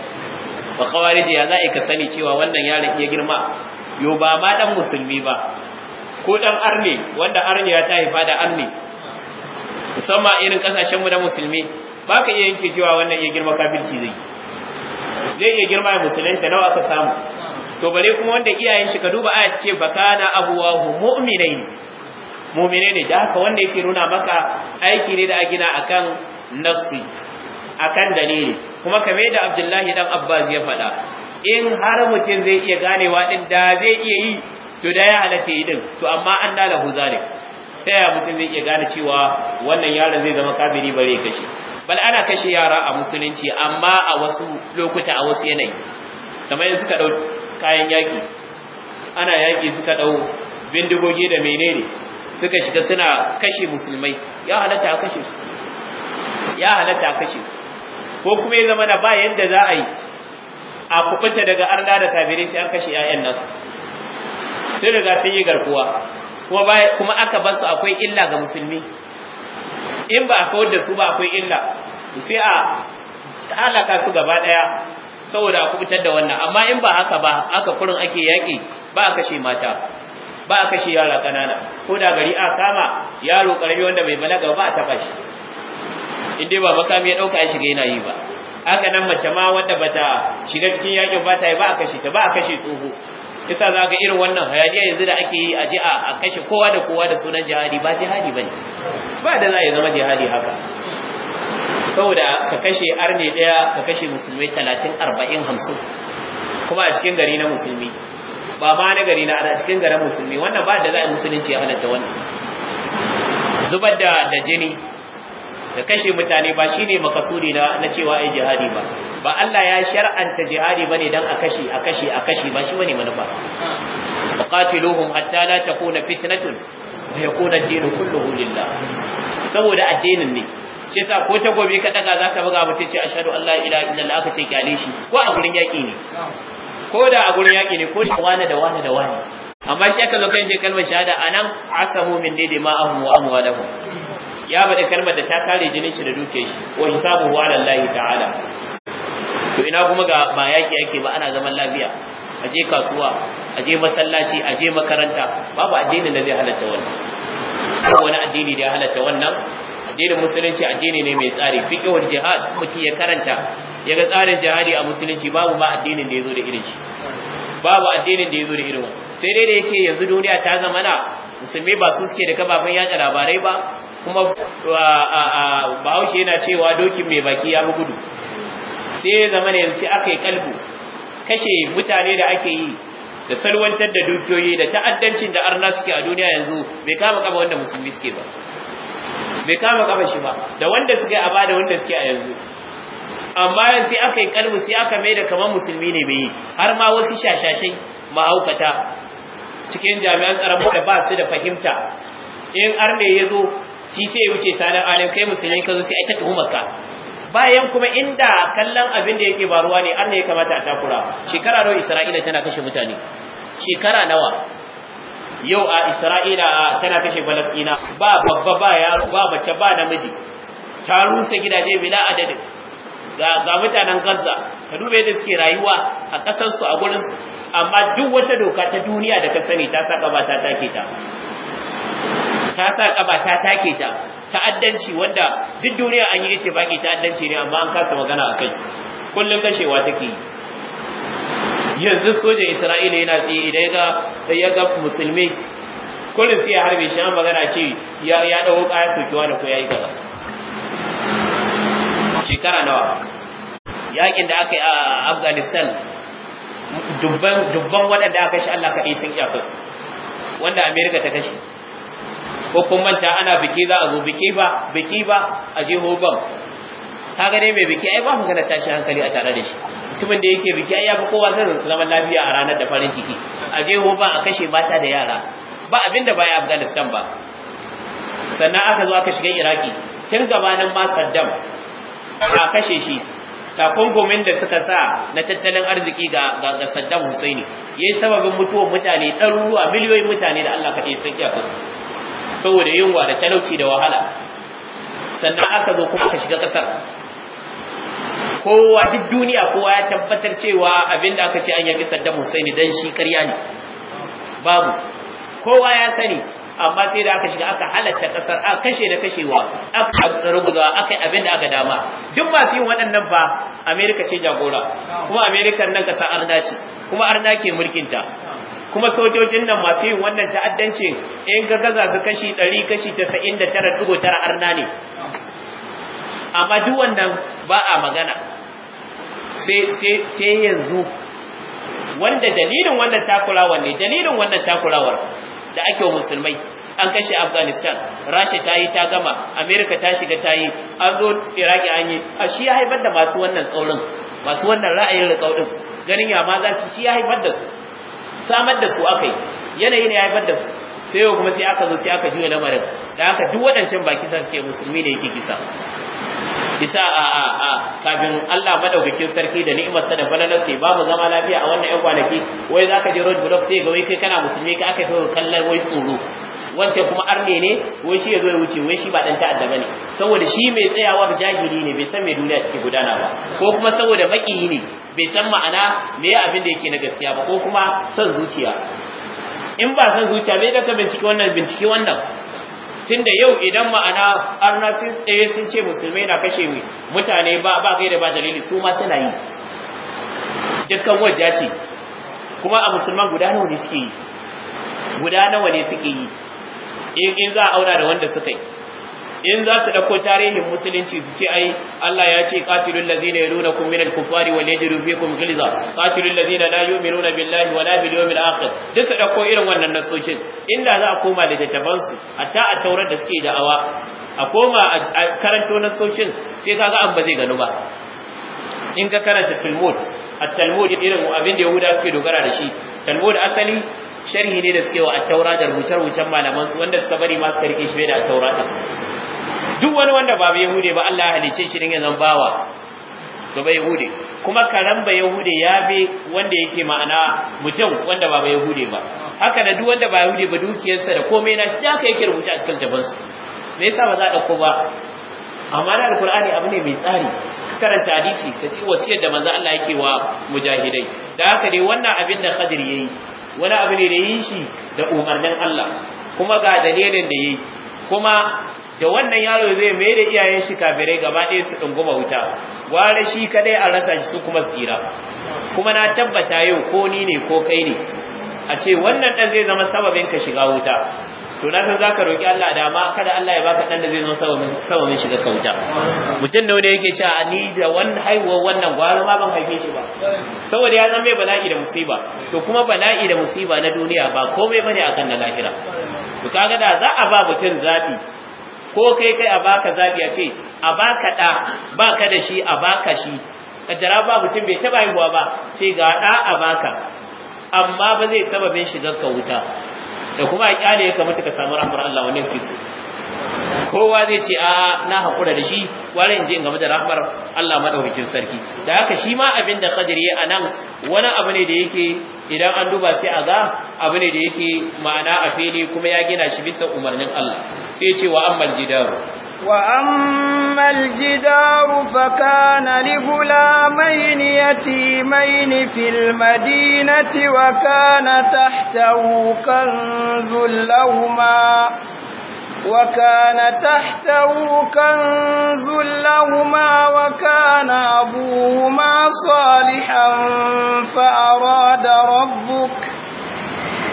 ba khawarij ya za ka sani cewa wannan yaron ya girma yo ba ma dan musulmi ba ko dan arne wanda arne ya ta haifa da arne musamman irin kasashenmu na musulmi ba ka iya yanke cewa wannan iya girma kafirci zai zai iya girma musulunta nawa aka samu to bare kuma wanda iyayen shi ka duba a ce bakana abuwahu mu'minai ne mu'minai ne da haka wanda yake nuna maka aiki ne da a gina akan nafsi akan dalili kuma kamar da Abdullahi dan Abbas ya faɗa in har mutum zai iya ganewa din da zai iya yi to da ya halatta yi din to amma an da lahu zalik sai ya mutum zai iya gane cewa wannan yaron zai zama kabiri bare kashe bal ana kashe yara a musulunci amma a wasu lokuta a wasu yanayi kamar yanzu suka dau kayan yaki ana yaki suka dau bindigogi da menene suka shiga suna kashe musulmai ya halatta a kashe su ya halatta a kashe su ko kuma ya zama na ba yadda za a yi a kubuta daga arna da tabirin sai an kashe ƴaƴan nasu sai riga sun yi garkuwa kuma aka ba su akwai illa ga musulmi in ba a kawar da su ba akwai illa sai a halaka su gaba daya saboda a kubutar da wannan amma in ba haka ba aka kurin ake yaƙi ba a kashe mata ba a kashe yara ƙanana ko da gari a kama yaro ƙarami wanda bai balaga ba a taɓa shi in dai ba makami ya ɗauka ya shiga yana yi ba haka nan mace ma wadda bata shiga cikin yakin ba ta yi ba a kashe ta ba a kashe tsoho yasa za ka irin wannan hayaniya yanzu da ake yi a ji a kashe kowa da kowa da sunan jihadi ba jihadi ba ne. ba da za a yi zama jihadi haka saboda ka kashe arne daya ka kashe musulmi talatin arba'in hamsin kuma a cikin gari na musulmi ba ma na gari na a cikin garin musulmi wannan ba da za a musulunci ya halatta wannan zubar da da jini da kashe mutane ba shine makasudi na na cewa ai jihadi ba ba Allah ya shar'anta jihadi bane dan a kashe a kashe a kashe ba shi bane manufa qatiluhum hatta la takuna fitnatun wa yakuna ad-din kulluhu lillah saboda addinin ne shi yasa ko ta gobe ka daga zaka buga mutum ce ashhadu an la ilaha illallah aka ce kyale shi ko a gurin yaki ne ko da a gurin yaki ne ko da wani da wani da wani amma shi aka zo kan je kalmar shahada anan asamu min dai ma ahum wa amwalahum ya bada kalmar da ta kare jinin shi da duke shi wa hisabuhu ala Allah ta'ala to ina kuma ga ba yaki yake ba ana zaman lafiya a je kasuwa a je masallaci a je makaranta babu addinin da zai halatta wannan wani addini da ya halatta wannan addinin musulunci addini ne mai tsari fiqhul jihad mutum ya karanta ya ga tsarin jihadi a musulunci babu ba addinin da yazo da irin shi babu addinin da yazo da irin sai dai da yake yanzu duniya ta zamana musulmi ba su suke da kafafen yaɗa labarai ba kuma bahaushe yana cewa dokin mai baki ya fi gudu sai zama ne yanzu aka yi kalbu kashe mutane da ake yi da salwantar da dukiyoyi da ta'addancin da arna suke a duniya yanzu bai kama kama wanda musulmi suke ba bai kama kama shi ba da wanda suke a ba da wanda suke a yanzu amma sai aka yi kalbu sai aka mai da kamar musulmi ne bai yi har ma wasu shashashai mahaukata cikin jami'an tsaron da ba su da fahimta in arne ya zo shi sai ya wuce sanar alim kai musulmi ka zo sai aka tuhumar ka bayan kuma inda kallon abin da yake baruwa ne arna ya kamata a takura shekara nawa isra'ila tana kashe mutane shekara nawa yau a isra'ila tana kashe balasina? ba babba ba yaro ba mace ba namiji ta rusa gidaje bila adadin ga mutanen gaza ka dube yadda suke rayuwa a su a gurin gurinsu amma duk wata doka ta duniya da ka sani ta saka ba ta take ta Ta sa kaba ta take ta ta'addanci wanda duk duniya an yi ita baki ta'addanci ne amma an kasa magana a kai kullum kashewa take yi yanzu sojan Isra'ila yana tsaye idan ya ga ya ga musulmi kullum sai ya harbe shi an magana ce ya ya dawo kaya sokiwa da ko yayi kaza shekara nawa yakin da aka yi a Afghanistan dubban dubban waɗanda aka shi Allah kaɗai sun iya wanda Amerika ta kashe ko kun manta ana biki za a zo biki ba biki ba a je hoban Ta dai mai biki ai ba magana tashi hankali a tare da shi mutumin da yake biki ai ya fi kowa sanin zaman lafiya a ranar da farin ciki a je hoban a kashe mata da yara ba abin da baya afghanistan ba sannan aka zo aka shiga iraki tun gabanin ma saddam a kashe shi takunkumin da suka sa na tattalin arziki ga ga Saddam Husaini yayi sababin mutuwar mutane ɗaruruwa miliyoyin mutane da Allah kaɗai sun iya su. saboda yunwa da talauci da wahala sannan aka zo kuma ka shiga kasar kowa duk duniya kowa ya tabbatar cewa abinda aka ce an yabi Saddam Hussein dan shi ƙarya ne babu kowa ya sani amma sai da aka shiga aka halatta kasar a kashe da kashewa aka ruguza aka abin da aka dama duk masu yin waɗannan ba Amerika ce jagora kuma Amerika nan kasa arna ce kuma arna ke mulkinta kuma sojojin nan masu yin wannan ta'addanci, in ga gaza su kashi 100 kashi 99.9 arna ne amma duk wannan ba a magana sai yanzu wanda dalilin wannan takurawar ne dalilin wannan takurawar da ake wa musulmai an kashe afghanistan rasha ta yi ta gama amerika ta shiga ta yi an zo iraki an yi a shi ya haifar da masu wannan tsaurin masu wannan ra'ayin tsaurin ganin ya ma za su shi ya haifar da su samar da su akai yanayi ne ya haifar da su sai yau kuma sai aka zo sai aka juya lamarin da haka duk waɗancan baki sa suke musulmi ne yake kisa Isa a a a kafin Allah madaukakin sarki da ni'imarsa da falalar sai babu zama lafiya a wannan ƴan kwanaki wai zaka je road block sai ga wai kai kana musulmi ka aka kai kallon wai tsoro wancan kuma arne ne wai shi ya ya wuce wai shi ba dan ta'adda bane saboda shi mai tsayawa jahili ne bai san mai duniya take gudana ba ko kuma saboda makiyi ne bai san ma'ana me abin da yake na gaskiya ba ko kuma son zuciya in ba san zuciya bai da ka bincike wannan bincike wannan tunda yau idan ma'ana arna sun tsaye sun ce musulmai na kashe mu, mutane ba ba gaida ba dalili su ma suna yi dukkan wajaci ce kuma a musulman guda nawa ne suke yi guda nawa ne suke yi in za a auna da wanda suka yi in za su ɗauko tarihin musulunci su ce ai Allah ya ce qatilul ladina kum min al kufari wal yajidu fikum ghilza qatilul ladina la yu'minuna billahi wala bil yawmil akhir duk su ɗauko irin wannan nasoshin inda za a koma da tattaban su hatta a taurar da suke da'awa a koma a karanto nasoshin sai kaga an ba zai gano ba in ka karanta talmud at-talmud irin abin da yahuda suke dogara da shi talmud asali sharhi ne da suke wa a taura da rubuce-rubucen malaman su wanda suka bari masu suka shi da at-taura din duk wani wanda ba hude ba Allah ya halice shi dinga zan bawa to bai hude kuma karan ba hude ya bi wanda yake ma'ana mutum wanda ba hude ba haka da duk wanda ba hude ba dukiyarsa da komai na shi haka yake rubuce a cikin su me yasa ba za a dauko ba amma da alkur'ani abu ne mai tsari karanta hadisi ta ci wasiyar da manzo Allah yake wa mujahidai da haka dai wannan abin da Khadir yayi wani abu ne da yi shi da umarnin Allah kuma ga dalilin da yi kuma da wannan yaro zai mai da iyayen shi kafirai gaba ɗaya su ɗunguma wuta ware shi kadai a rasa su kuma tsira kuma na tabbata yau ko ni ne ko kai ne a ce wannan ɗan zai zama sababin ka shiga wuta to na san zaka roki Allah da ma kada Allah ya baka dan da zai zo sawa min shiga kauta mutum da wanda yake cewa ni da wannan haihuwar wannan gwaro ma ban haife shi ba saboda ya zama mai bala'i da musiba to kuma bala'i da musiba na duniya ba komai bane akan na lahira to kaga da za a ba mutum zabi ko kai kai a baka zabi a ce a baka da baka da shi a baka shi kaddara ba mutum bai taba haihuwa ba ce ga da a baka amma ba zai sababin shigar ka wuta da kuma a kyale ya kamata ka samu rahmar Allah wannan fi kowa zai ce a na haƙura da shi wani in je in game da rahmar Allah maɗaukakin sarki da haka shi ma abin da ya a nan wani abu ne da yake idan an duba sai a ga abu ne da yake ma'ana a fili kuma ya gina shi bisa umarnin Allah sai ce wa ammal jidaru وأما الجدار فكان لغلامين يتيمين في المدينة وكان تحته كنز لهما وكان تحته كنز لهما وكان أبوهما صالحا فأراد ربك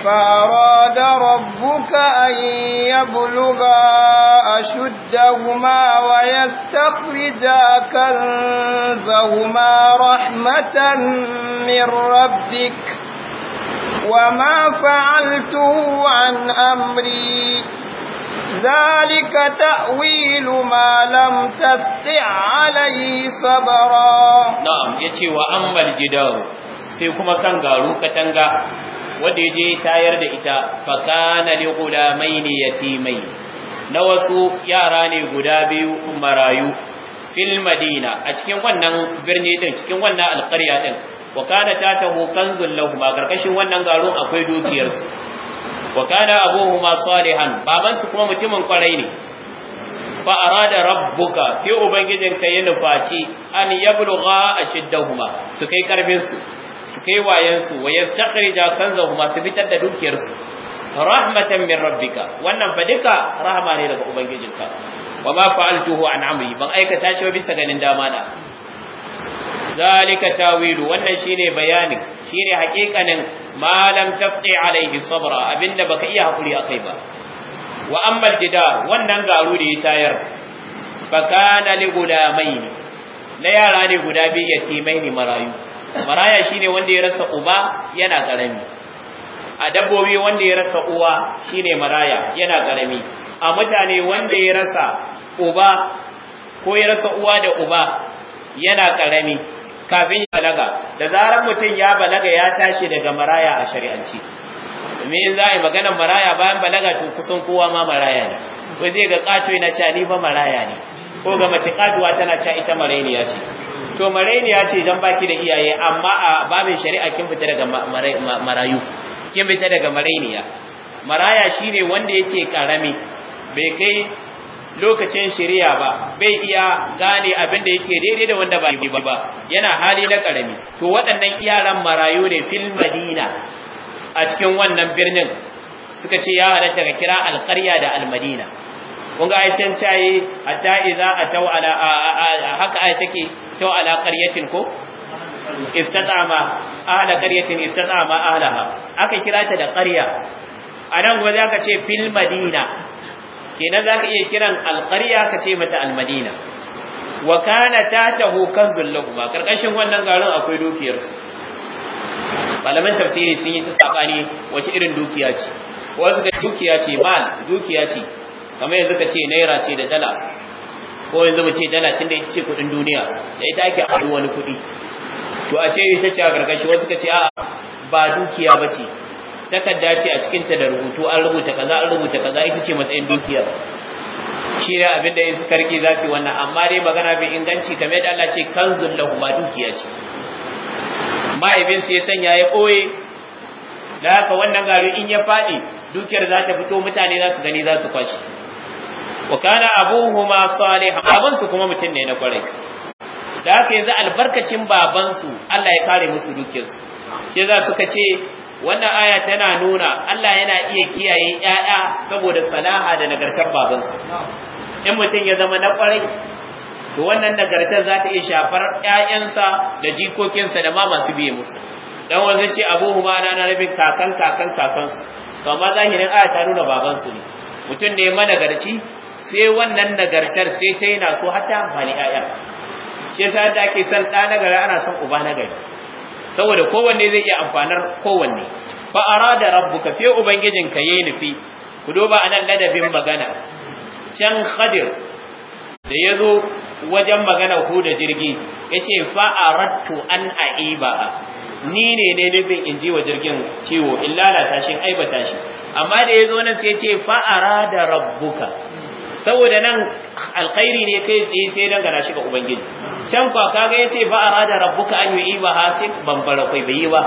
فأراد ربك أن يبلغا أشدهما ويستخرجا كنزهما رحمة من ربك وما فعلته عن أمري ذلك تأويل ما لم تستع عليه صبرا نعم يتي وأما الجدار sai kuma kan garu katanga wanda ya je tayar da ita fa kana li gulamaini yatimai na wasu yara ne guda biyu marayu fil madina a cikin wannan birni din cikin wannan alƙarya din wa kana tatahu kanzul lahum a karkashin wannan garon akwai dukiyarsu. su wa kana abuhuma salihan baban su kuma mutumin kwarai ne fa arada rabbuka sai ubangijinka ya nufaci an yablugha ashiddahuma su kai karbin su su kai wayansu wa yastakhrija kanzahuma su fitar da dukiyarsu rahmatan min rabbika wannan fa duka rahama ne daga ubangijinka wa ma fa'altuhu an amri ban aikata shi ba bisa ganin dama na zalika tawilu wannan shine bayanin shine hakikanin Malam lam tafqi alaihi sabra abinda baka iya hakuri akai ba wa amma jidar wannan garu da ya tayar fa kana li gulamaini na yara ne guda biyu yatimaini marayu maraya shine wanda ya rasa uba yana karami a dabbobi wanda ya rasa uwa shine maraya yana karami a mutane wanda ya rasa uba ko ya rasa uwa da uba yana karami kafin ya balaga da zarar mutum ya balaga ya tashi daga maraya a shari'anci me za a yi maganar maraya bayan balaga to kusan kowa ma maraya ne wai zai ga kato yana cani ni ba maraya ne ko ga mace katuwa tana ca ita ya ce to marainiya ce dan baki da iyaye amma a babin shari'a kin fita daga marayu kin fita daga marainiya maraya shine wanda yake karami bai kai lokacin shari'a ba bai iya gane abin da yake daidai da wanda ba ba yana hali na karami to waɗannan iyaran marayu ne fil madina a cikin wannan birnin suka ce ya halatta ga kira alƙarya da almadina kun ga aicen cayi hatta idza ataw ala haka ai take taw ala qaryatin ko istatama ahla qaryatin istatama ahlaha aka kira ta da qarya anan kuma ka ce fil madina za ka iya kiran alƙarya ka ce mata almadina wa kana kan kanzul lahum karkashin wannan garin akwai dukiyar su malaman tafsiri sun yi ta sabani wace irin dukiya ce wasu da dukiya ce mal dukiya ce kamar yanzu ka ce naira ce da dala ko yanzu mu ce dala tunda ita ce kuɗin duniya da ita ake haɗu wani kuɗi to a ce ita ce a gargashi wasu ka ce a ba dukiya ba ce takarda ce a cikinta da rubutu an rubuta kaza an rubuta kaza ita ce matsayin dukiya shi ne abin da yanzu karki za su wannan amma dai magana bai inganci kamar yadda Allah ce kanzun lahu ma dukiya ce mahaifinsu ya sanya ya boye da haka wannan gari in ya faɗi dukiyar za ta fito mutane za su gani za su kwashe Wakana abuhuma salihan baban su kuma mutum ne na kwarai da haka yanzu albarkacin baban su Allah ya kare musu dukiyar su sai za suka ce wannan aya tana nuna Allah yana iya kiyaye ƴaƴa saboda salaha da nagartar baban su in mutum ya zama na kwarai to wannan nagartar za ta iya shafar ƴaƴansa da jikokinsa da ma masu biye musu dan wanzu ce abuhuma na na rabin kakan kakan kakan su to amma zahirin aya ta nuna baban su ne mutum ne managarci sai wannan nagartar sai ta yana so hata amfani ƴaƴa ke sa da ake san ɗa nagari ana son uba nagari saboda kowanne zai iya amfanar kowanne fa arada rabbuka sai ubangijinka yayi nufi ku duba anan ladabin magana can khadir da yazo wajen magana ku da jirgi yace fa aradtu an aiba ni ne ne nufin in ji wa jirgin ciwo in lalata shi aibata shi amma da yazo zo nan sai ce fa'ara da rabbuka saboda nan alkhairi ne kai tsaye sai dangana shi ga ubangiji can kwa kaga yace fa arada rabbuka an yi ba hasib ban bara kai bai yi ba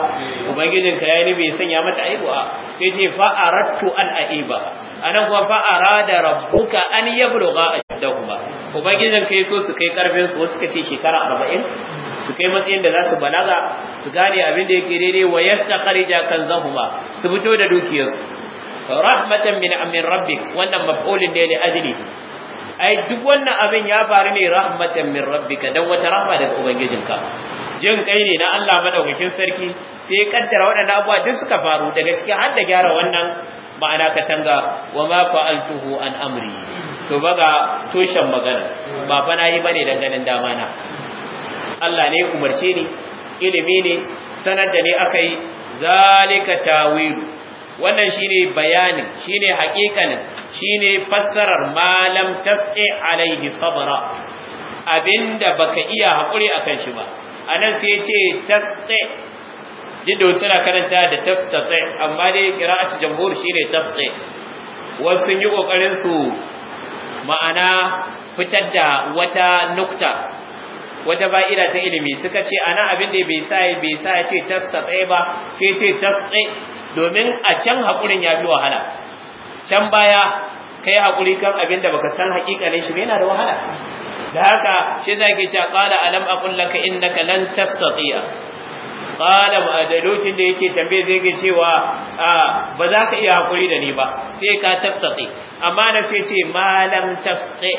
ubangijin ka yayi bai sanya mata a sai ce fa aradtu an aiba anan kuma fa arada rabbuka an yabluga ajdahuma ubangijin ka so su kai karfin su suka ce shekara 40 su kai matsayin da za su balaga su gane abin da yake daidai wa yastaqrija kanzahuma su fito da dukiyarsu rahmatan min amin rabbik wannan maf'ulin ne li ajli ai duk wannan abin ya faru ne rahmatan min rabbika dan wata rahma daga ubangijinka jin kai ne na Allah madaukakin sarki sai ya kaddara waɗannan abubuwa duk suka faru daga cikin har da gyara wannan ma'ana katanga wa ma fa'altuhu an amri to baga toshen magana ba fa nayi bane danganin dama na Allah ne umarce ni ilimi ne sanar da ni akai zalika tawilu wannan shine bayanin shine haƙiƙanin shine fassarar malam tasqi alaihi sabra abinda baka iya haƙuri akan shi ba anan sai yace tasqi duk suna karanta da tastati amma dai qira'atu jamhur shine tasqi wasu yi kokarin su ma'ana fitar da wata nukta wata ba'ira ta ilimi suka ce ana abin da bai sa bai sa ce tsaye ba sai ce tasqi domin a can haƙurin ya fi wahala can baya kai haƙuri kan abin da baka san haƙiƙanin shi yana da wahala da haka shi za ki ce qala alam aqul laka innaka lan tastati'a qala da lokacin da yake tambaye zai ga cewa ba za ka iya haƙuri da ni ba sai ka tastati amma na ce ce malam tastati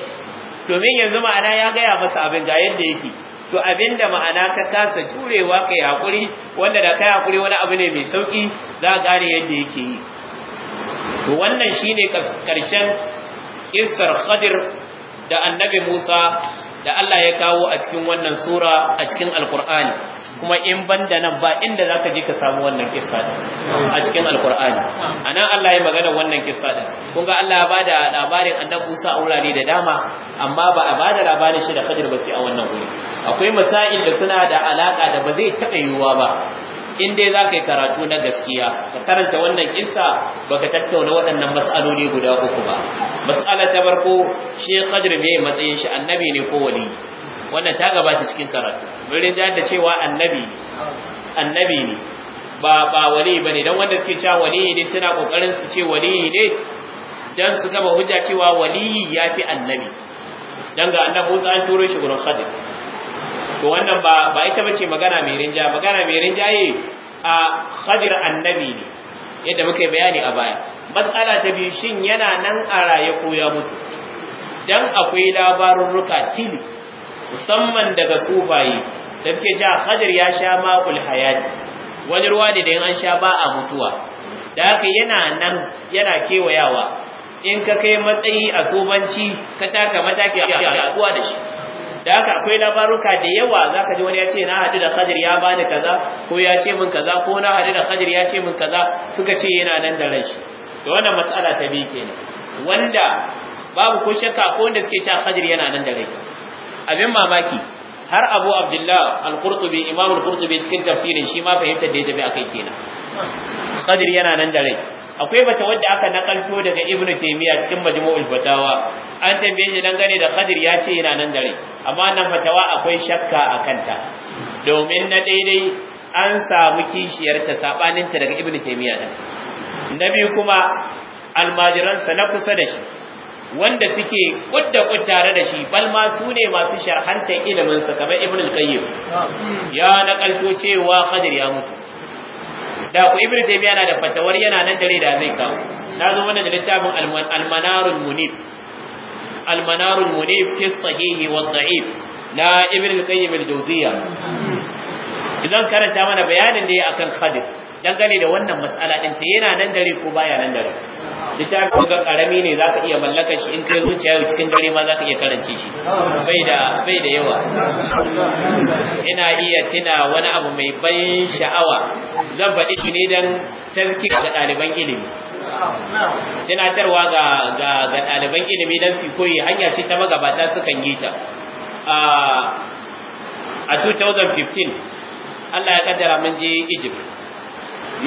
domin yanzu ma'ana ya gaya masa abin ga yadda yake to abinda ma'ana ka kasa jurewa kai hakuri wanda da kai hakuri wani abu ne mai sauki za ka gane yadda yake yi to wannan shine karshen kissar Khadir da Annabi Musa da Allah ya kawo a cikin wannan sura a cikin alkur'ani kuma in ban da nan ba inda za ka je ka samu wannan kissa a cikin alkur'ani nan Allah ya magana wannan kissa da kun ga Allah ya da labarin annabi Musa a wurare da dama amma ba a bada labarin shi da Khadir ba sai a wannan wuri akwai masail da suna da alaka da ba zai taɓa yiwuwa ba in dai za ka yi karatu na gaskiya ka karanta wannan kissa baka tattauna waɗannan matsaloli guda uku ba matsala ta farko shi qadr ne matsayin shi annabi ne ko wali wannan ta gabata cikin karatu wurin da da cewa annabi annabi ne ba ba wali bane dan wanda suke cewa wali ne suna kokarin su ce wali ne dan su gaba hujja cewa wali yafi annabi dan ga annabi an turo shi gurin khadir to wannan ba ba ita bace magana mai rinja magana mai rinjaye a khadir annabi ne yadda muka yi bayani a baya matsala ta biyu shin yana nan a raye ko ya mutu dan akwai labarurruka tili musamman daga sufaye da suke sha khadir ya sha ma'ul hayati wani ruwa ne da an sha ba a mutuwa da haka yana nan yana kewayawa in ka kai matsayi a sobanci ka taka mataki a da shi da haka akwai labaruka da yawa zaka ji wani ya ce na haɗu da Khadir ya bani kaza ko ya ce min kaza ko na haɗu da Khadir ya ce min kaza suka ce yana nan da ran to wannan matsala ta bi kenan wanda babu ko shakka ko wanda suke cewa Khadir yana nan da rai abin mamaki har Abu Abdullah Al-Qurtubi Imam Al-Qurtubi cikin tafsirin shi ma fahimtar da ya akai kenan Khadir yana nan da rai akwai bata wadda aka nakalto daga ibn taymiya cikin majmu'ul fatawa an tambaye shi dangane da khadir ya ce yana nan dare amma nan fatawa akwai shakka a kanta domin na daidai an samu kishiyar ta sabaninta daga ibn taymiya din nabi kuma almajiransa na kusa da shi wanda suke kudda tare da shi bal ma su ne masu sharhantar ilimin sa kamar ibn al-qayyim ya nakalto cewa khadir ya mutu da ku ibnu taymiya na da fatawar yana nan dare da zai kawo na zo mana da littafin almanarul munib almanarul munib fi sahihi wa da'if na ibnu qayyim al-jawziyya zan karanta mana bayanin da ya akan khadir dangane da wannan matsala din ce yana nan dare ko baya nan dare littafin ga karami ne zaka iya mallaka shi in kai zuciya yau cikin dare ma zaka iya karance shi bai da bai da yawa ina iya tuna wani abu mai ban sha'awa zan faɗi shi ne dan tazkira ga ɗaliban ilimi tunatarwa ga ga ga ɗaliban ilimi dan su koyi hanya ce ta magabata sukan yi ta ah, a 2015 Allah ya kaddara mun je Egypt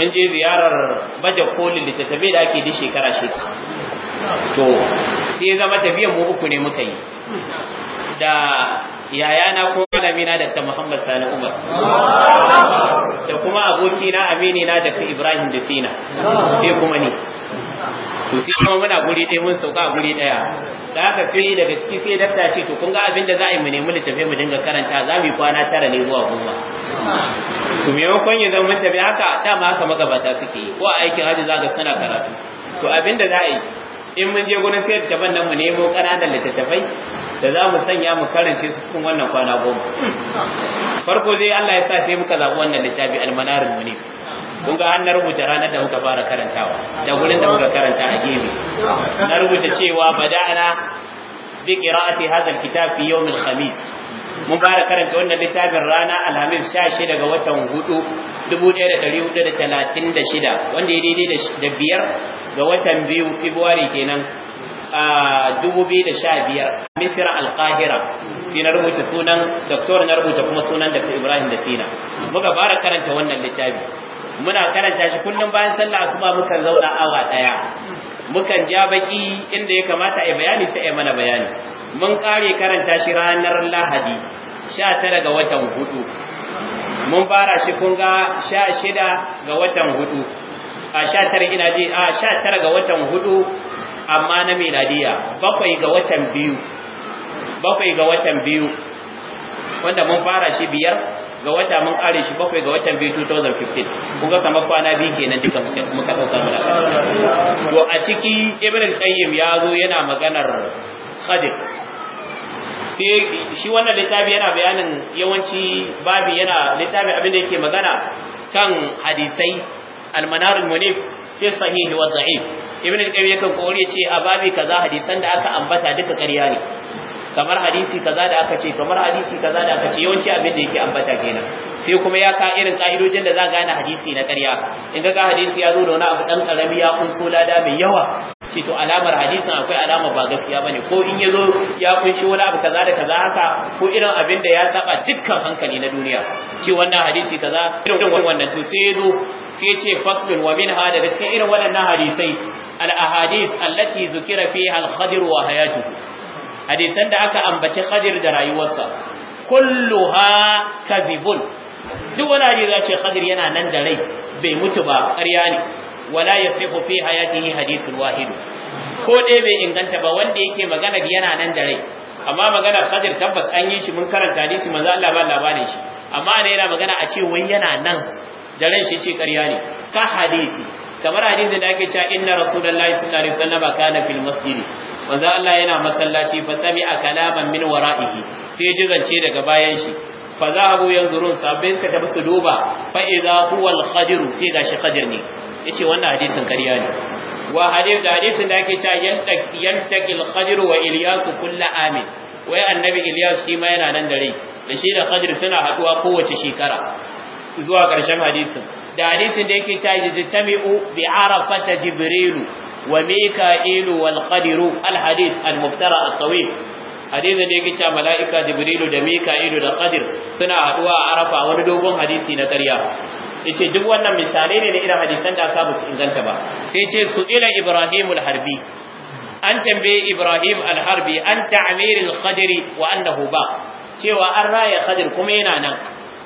mun je ziyarar baje koli littattafai da ake di shekara shekara to sai zama tafiyan mu uku ne muka yi da yaya na ko na da Muhammad Sani Umar da kuma abokina amini na da Ibrahim da Sina sai kuma ni to sai kuma muna guri ɗaya mun sauka a guri ɗaya da aka sai daga ciki sai dafta ce to kun ga abin da za a yi mu nemi tafi mu dinga karanta za mu yi kwana tara ne zuwa goma to maimakon ya zama mun tafi haka dama haka magabata suke yi ko a aikin hajji za ka suna karatu to abin da za a yi in mun je gurin sai littafan nan mu nemo ƙananan littattafai da za mu sanya mu karance su cikin wannan kwana goma farko dai Allah ya sa sai muka zaɓi wannan littafi almanarin mu ne kun ga an na rubuta ranar da muka fara karantawa da gurin da muka karanta a gefe na rubuta cewa bada'ana bi qira'ati Hazar alkitab yawmin Khamis. alkhamis mun fara karanta wannan littafin rana alhamis 16 ga watan 4 1436 wanda ya daidai da biyar ga watan biyu february kenan a 2015 misira alkahira sai na rubuta sunan doktor na rubuta kuma sunan da ibrahim da sina muka fara karanta wannan littafi muna karanta shi kullum bayan sallah asuba mukan zauna awa daya mukan ja baki inda ya kamata a bayani sai ai mana bayani mun kare karanta shi ranar lahadi 19 ga watan hudu mun fara shi kun ga 16 ga watan hudu a 19 ina ji a 19 ga watan hudu amma na miladiya bakwai ga watan biyu bakwai ga watan biyu wanda mun fara shi biyar ga wata mun kare shi bakwai ga watan biyu 2015 kun ga kamar kwana biyu kenan duka muka ɗaukar mu to a ciki ibn al-qayyim ya zo yana maganar khadir sai shi wannan littafi yana bayanin yawanci babi yana littafi abin da yake magana kan hadisai al-manar al-munif fi sahih wa dha'if ibn al-qayyim yakan kore ce a babi kaza hadisan da aka ambata duka ƙarya ne kamar hadisi kaza da aka ce kamar hadisi kaza da aka ce yawanci abin da yake ambata kenan sai kuma ya ka irin ka'idojin da za gane hadisi na ƙarya in ga hadisi ya zo da wani abu dan karami ya kunso lada mai yawa ce to alamar hadisin akwai alamar ba gaskiya bane ko in ya zo ya kunshi wani abu kaza da kaza haka ko irin abin da ya saba dukkan hankali na duniya ce wannan hadisi kaza irin wannan to sai ya zo sai ce faslun wa min hada da cikin irin waɗannan hadisai al ahadis allati zukira fiha al khadir wa hayatuhu hadisan da aka ambaci Khadir da rayuwarsa kulluha kadhibun duk wani hadisi zai ce Khadir yana nan da rai bai mutu ba ƙarya ne wala yasihu fi hayatihi hadithul wahid ko dai bai inganta ba wanda yake magana yana nan da rai amma magana Khadir tabbas an yi shi mun karanta hadisi manzo Allah ba labarin shi amma ne yana magana a ce wai yana nan da rai shi ce ƙarya ne ka hadisi kamar hadisin da ake cewa inna rasulullahi sallallahu alaihi wasallam kana fil masjid manzo Allah yana masallaci fa sami a kalaman min wara'ihi sai jirance daga bayan shi fa zahabu yanzurun sabbin ka tabi su duba fa idza huwa al-khadir sai gashi khadir ne yace wannan hadisin ƙarya ne wa hadith da hadisin da ake cewa yantaq yantaqil khadir wa ilyas kullu amin wai annabi ilyas shi ma yana nan da rai da shi da khadir suna haduwa kowace shekara zuwa ƙarshen hadisin da hadisin da yake cewa yajtami'u bi ta jibrilu وميكائيل والقدر الحديث المفترى الطويل hadisin da yake cewa mala'ika jibrilu da mika'ilu da qadir suna haduwa a arafa wani dogon hadisi na ƙarya yace duk wannan misalai ne na irin hadisan da aka su inganta ba sai yace su ila ibrahim harbi an tambaye ibrahim al-harbi an ta'mir al-qadir wa annahu ba cewa an raya qadir kuma yana nan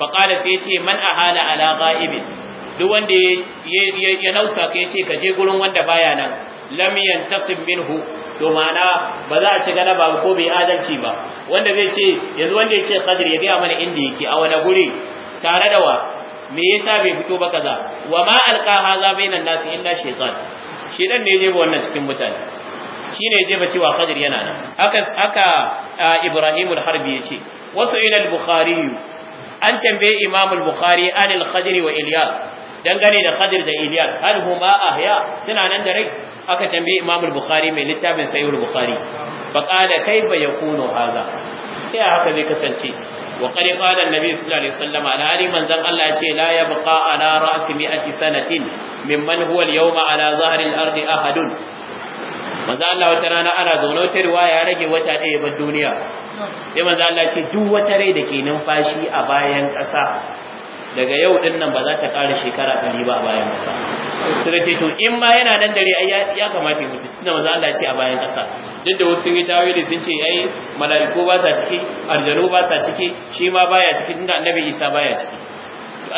fa qala sai yace man ahala ala ghaibin duk wanda ya nausa ka yace ka je gurin wanda baya nan lam yantasib minhu to ma'ana ba za a ci galaba ko bai adalci ba wanda zai ce yanzu wanda ya ce qadir ya ga mana inda yake a wani guri tare da wa me yasa bai fito ba kaza wa ma alqa hadha bainan nas illa shaytan shedan ne ya wannan cikin mutane shine ya jefa cewa qadir yana nan haka haka ibrahim al-harbi yace wasu ila al-bukhari an tambaye imam al-bukhari an al-khadir wa ilyas dangane da Khadir da Ilyas hal huma ahya suna nan da rai aka tambaye Imam al-Bukhari mai littafin Sahih al-Bukhari fa qala kayfa yakunu hadha sai haka zai kasance wa qad qala nabi sallallahu alaihi wasallam ala ali manzan Allah ya ce la yabqa ala ra'si mi'ati sanatin mimman huwa al-yawma ala zahri al-ardi ahadun manzo Allah wata rana ana zaune wata riwaya ya rage wata ɗaya ba duniya sai manzo Allah ce duk wata rai da ke numfashi a bayan ƙasa daga yau din nan ba za ta ƙara shekara ɗari ba a bayan ƙasa suka ce to in ma yana nan dare ai ya kamata ya mutu tunda manzo Allah ce a bayan ƙasa duk da wasu sun yi tawili sun ce ai mala'iku ba sa ciki aljanu ba sa ciki shi ma baya ciki tunda annabi Isa baya ciki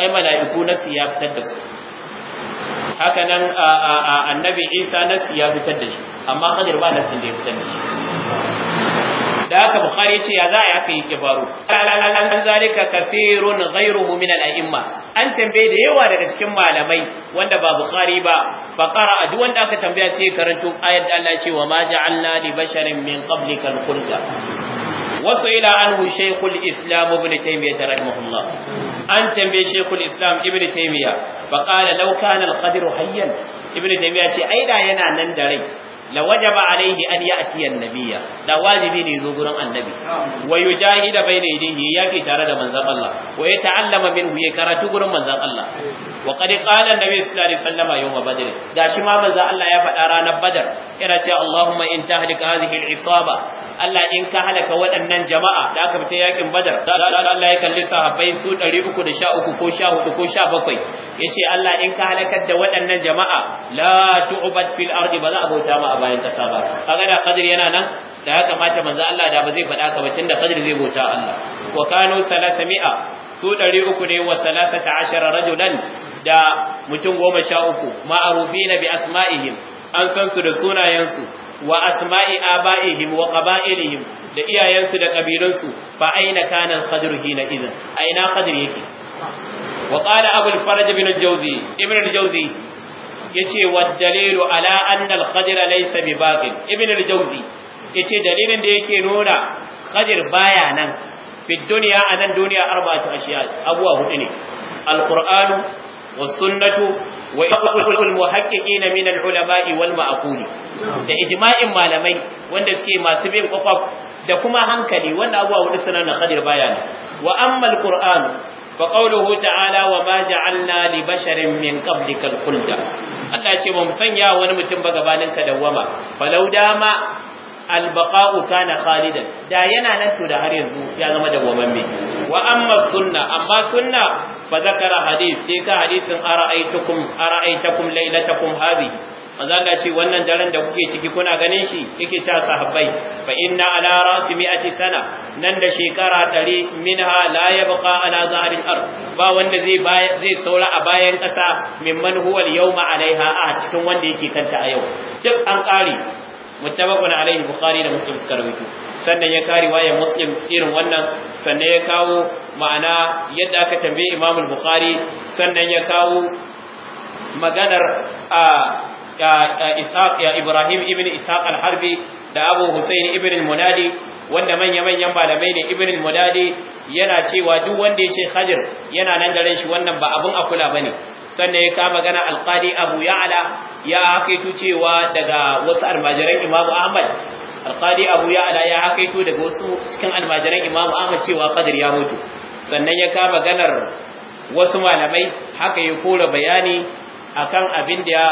ai mala'iku nasu ya fitar da su haka nan annabi Isa nasu ya fitar da shi amma Khadir ba nasu da ya fitar da shi da haka bukhari ce ya za a haka yi kibaru an zalika kasirun ghairu mu min al'imma an tambayi da yawa daga cikin malamai wanda ba bukhari ba fa a duk wanda aka tambaya sai karanto ayat Allah ce wa ma ja'alna li basharin min qablika al-khulda wa sa'ila anhu shaykh al-islam ibn taymiyah rahimahullah an tambaye shaykh islam ibn taymiyah fa qala law kana al-qadru hayyan ibn ce ai da yana nan da rai la wajaba alaihi an ya'ti annabiyya da wajibi ne zo gurin annabi wa yujahida baina yadihi yaki tare da manzon Allah wa ta'allama minhu ya karatu gurin manzon Allah wa qad qala annabi sallallahu alaihi wasallam yawm badr shi ma manzon Allah ya faɗa ranar badar yana cewa Allahumma in tahlika hadhihi al-isaba Allah in ka halaka waɗannan jama'a da aka fita yakin badar Allah ya kalli sahabbai su 313 ko 14 ko 17 yace Allah in ka halakar da waɗannan jama'a la tu'bad fil ardi ba za a bauta ma bayan kasa ba kaga da yana nan da ya kamata manzo Allah da ba zai faɗa ka ba tunda Khadir zai bauta Allah wa kanu mi'a su 300 ne wa 13 rajulan da mutum goma sha uku ma'arufina bi asma'ihim an san su da sunayensu wa asma'i aba'ihim wa qaba'ilihim da iyayensu da kabilunsu fa aina kana al hina idan aina Khadir yake وقال أبو الفرج بن الجوزي ابن الجوزي yace wa ala anna al-khadir laysa bi baqin ibn al-jawzi yace dalilin da yake nuna khadir baya nan fi dunya anan duniya arba'atu ashiya abuwa hudu ne al wa sunnatu wa ijma'ul na min al-ulama'i wal ma'quli da ijma'in malamai wanda suke masu bin kwakwaf da kuma hankali wanda abuwa hudu suna na khadir baya nan wa amma al fa qawluhu ta'ala wa ma ja'alna li basharin min qablikal kulta. Allah ce ba mu sanya wani mutum ba gabanin ka dawwama falau dama albaqa'u kana khalidan da yana nan da har yanzu ya zama dawwamamme wa amma sunna amma sunna fa zakara hadith sai ka hadithin ara'aytukum ara'aytakum laylatakum hadhihi manzo Allah ce wannan daren da kuke ciki kuna ganin shi yake ta sahabbai fa inna ala ra'si mi'ati sana nan da shekara 100 minha la yabqa ala zahri al-ard ba wanda zai zai saura a bayan kasa mimman huwa al-yawma alaiha a cikin wanda yake kanta a yau duk an kare muttafaqun alaihi bukhari da muslim suka rawaito sannan ya kare waye muslim irin wannan sannan ya kawo ma'ana yadda aka tambaye imamul al-bukhari sannan ya kawo maganar a ya Ibrahim ibn Ishaq al-Harbi da Abu Hussein ibn al-Munadi wanda manya-manyan malamai ne ibn al-Munadi yana cewa duk wanda ya yace Khadir yana nan da shi wannan ba abun akula bane sannan ya ka magana al-Qadi Abu Ya'la ya hakaitu cewa daga wasu almajiran Imam Ahmad al-Qadi Abu Ya'la ya hakaitu daga wasu cikin almajiran Imam Ahmad cewa Khadir ya mutu sannan ya ka maganar wasu malamai haka ya kora bayani akan abin da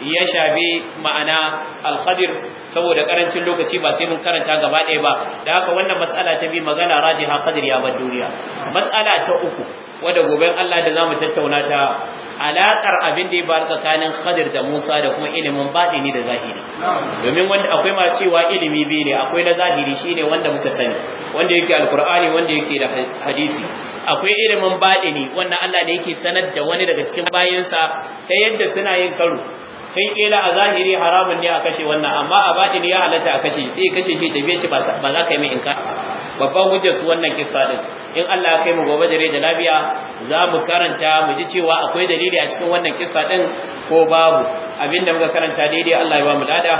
ya shafi ma'ana alkhadir saboda karancin lokaci ba sai mun karanta gaba ɗaya ba da haka wannan matsala ta bi magana rajiha qadir ya bar duniya matsala ta uku wadda goben Allah da zamu tattauna ta alakar abin da ya bar tsakanin Khadir da Musa da kuma ilimin batini da zahiri domin wanda akwai ma cewa ilimi biyu ne akwai na zahiri shine wanda muka sani wanda yake alqur'ani wanda yake da hadisi akwai ilimin baɗini wanda Allah ne yake sanar da wani daga cikin bayinsa ta yadda suna yin karo kai kila a zahiri haramun ne a kashe wannan amma a baɗi ne ya halatta a kashe sai kashe shi tafiye shi ba za ka yi mai inka babban hujjar su wannan kisa din in Allah ya kai mu gobe da da lafiya za mu karanta mu ji cewa akwai dalili a cikin wannan kissa din ko babu abinda muka karanta daidai Allah ya ba mu lada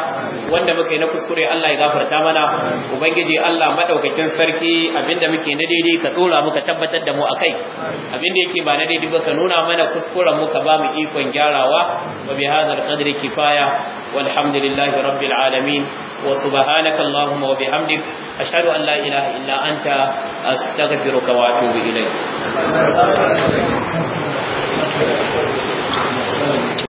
wanda muka yi na kuskure Allah ya gafarta mana ubangiji Allah madaukakin sarki abinda muke na daidai ka tsora muka tabbatar da mu akai abinda yake ba na daidai ba ka nuna mana kuskuren mu ka ba mu ikon gyarawa wa bi hadzal qadri qadri kifaya walhamdulillahi rabbil alamin wa subhanaka allahumma wa bihamdik ashhadu an la ilaha illa anta astaghfiruka wa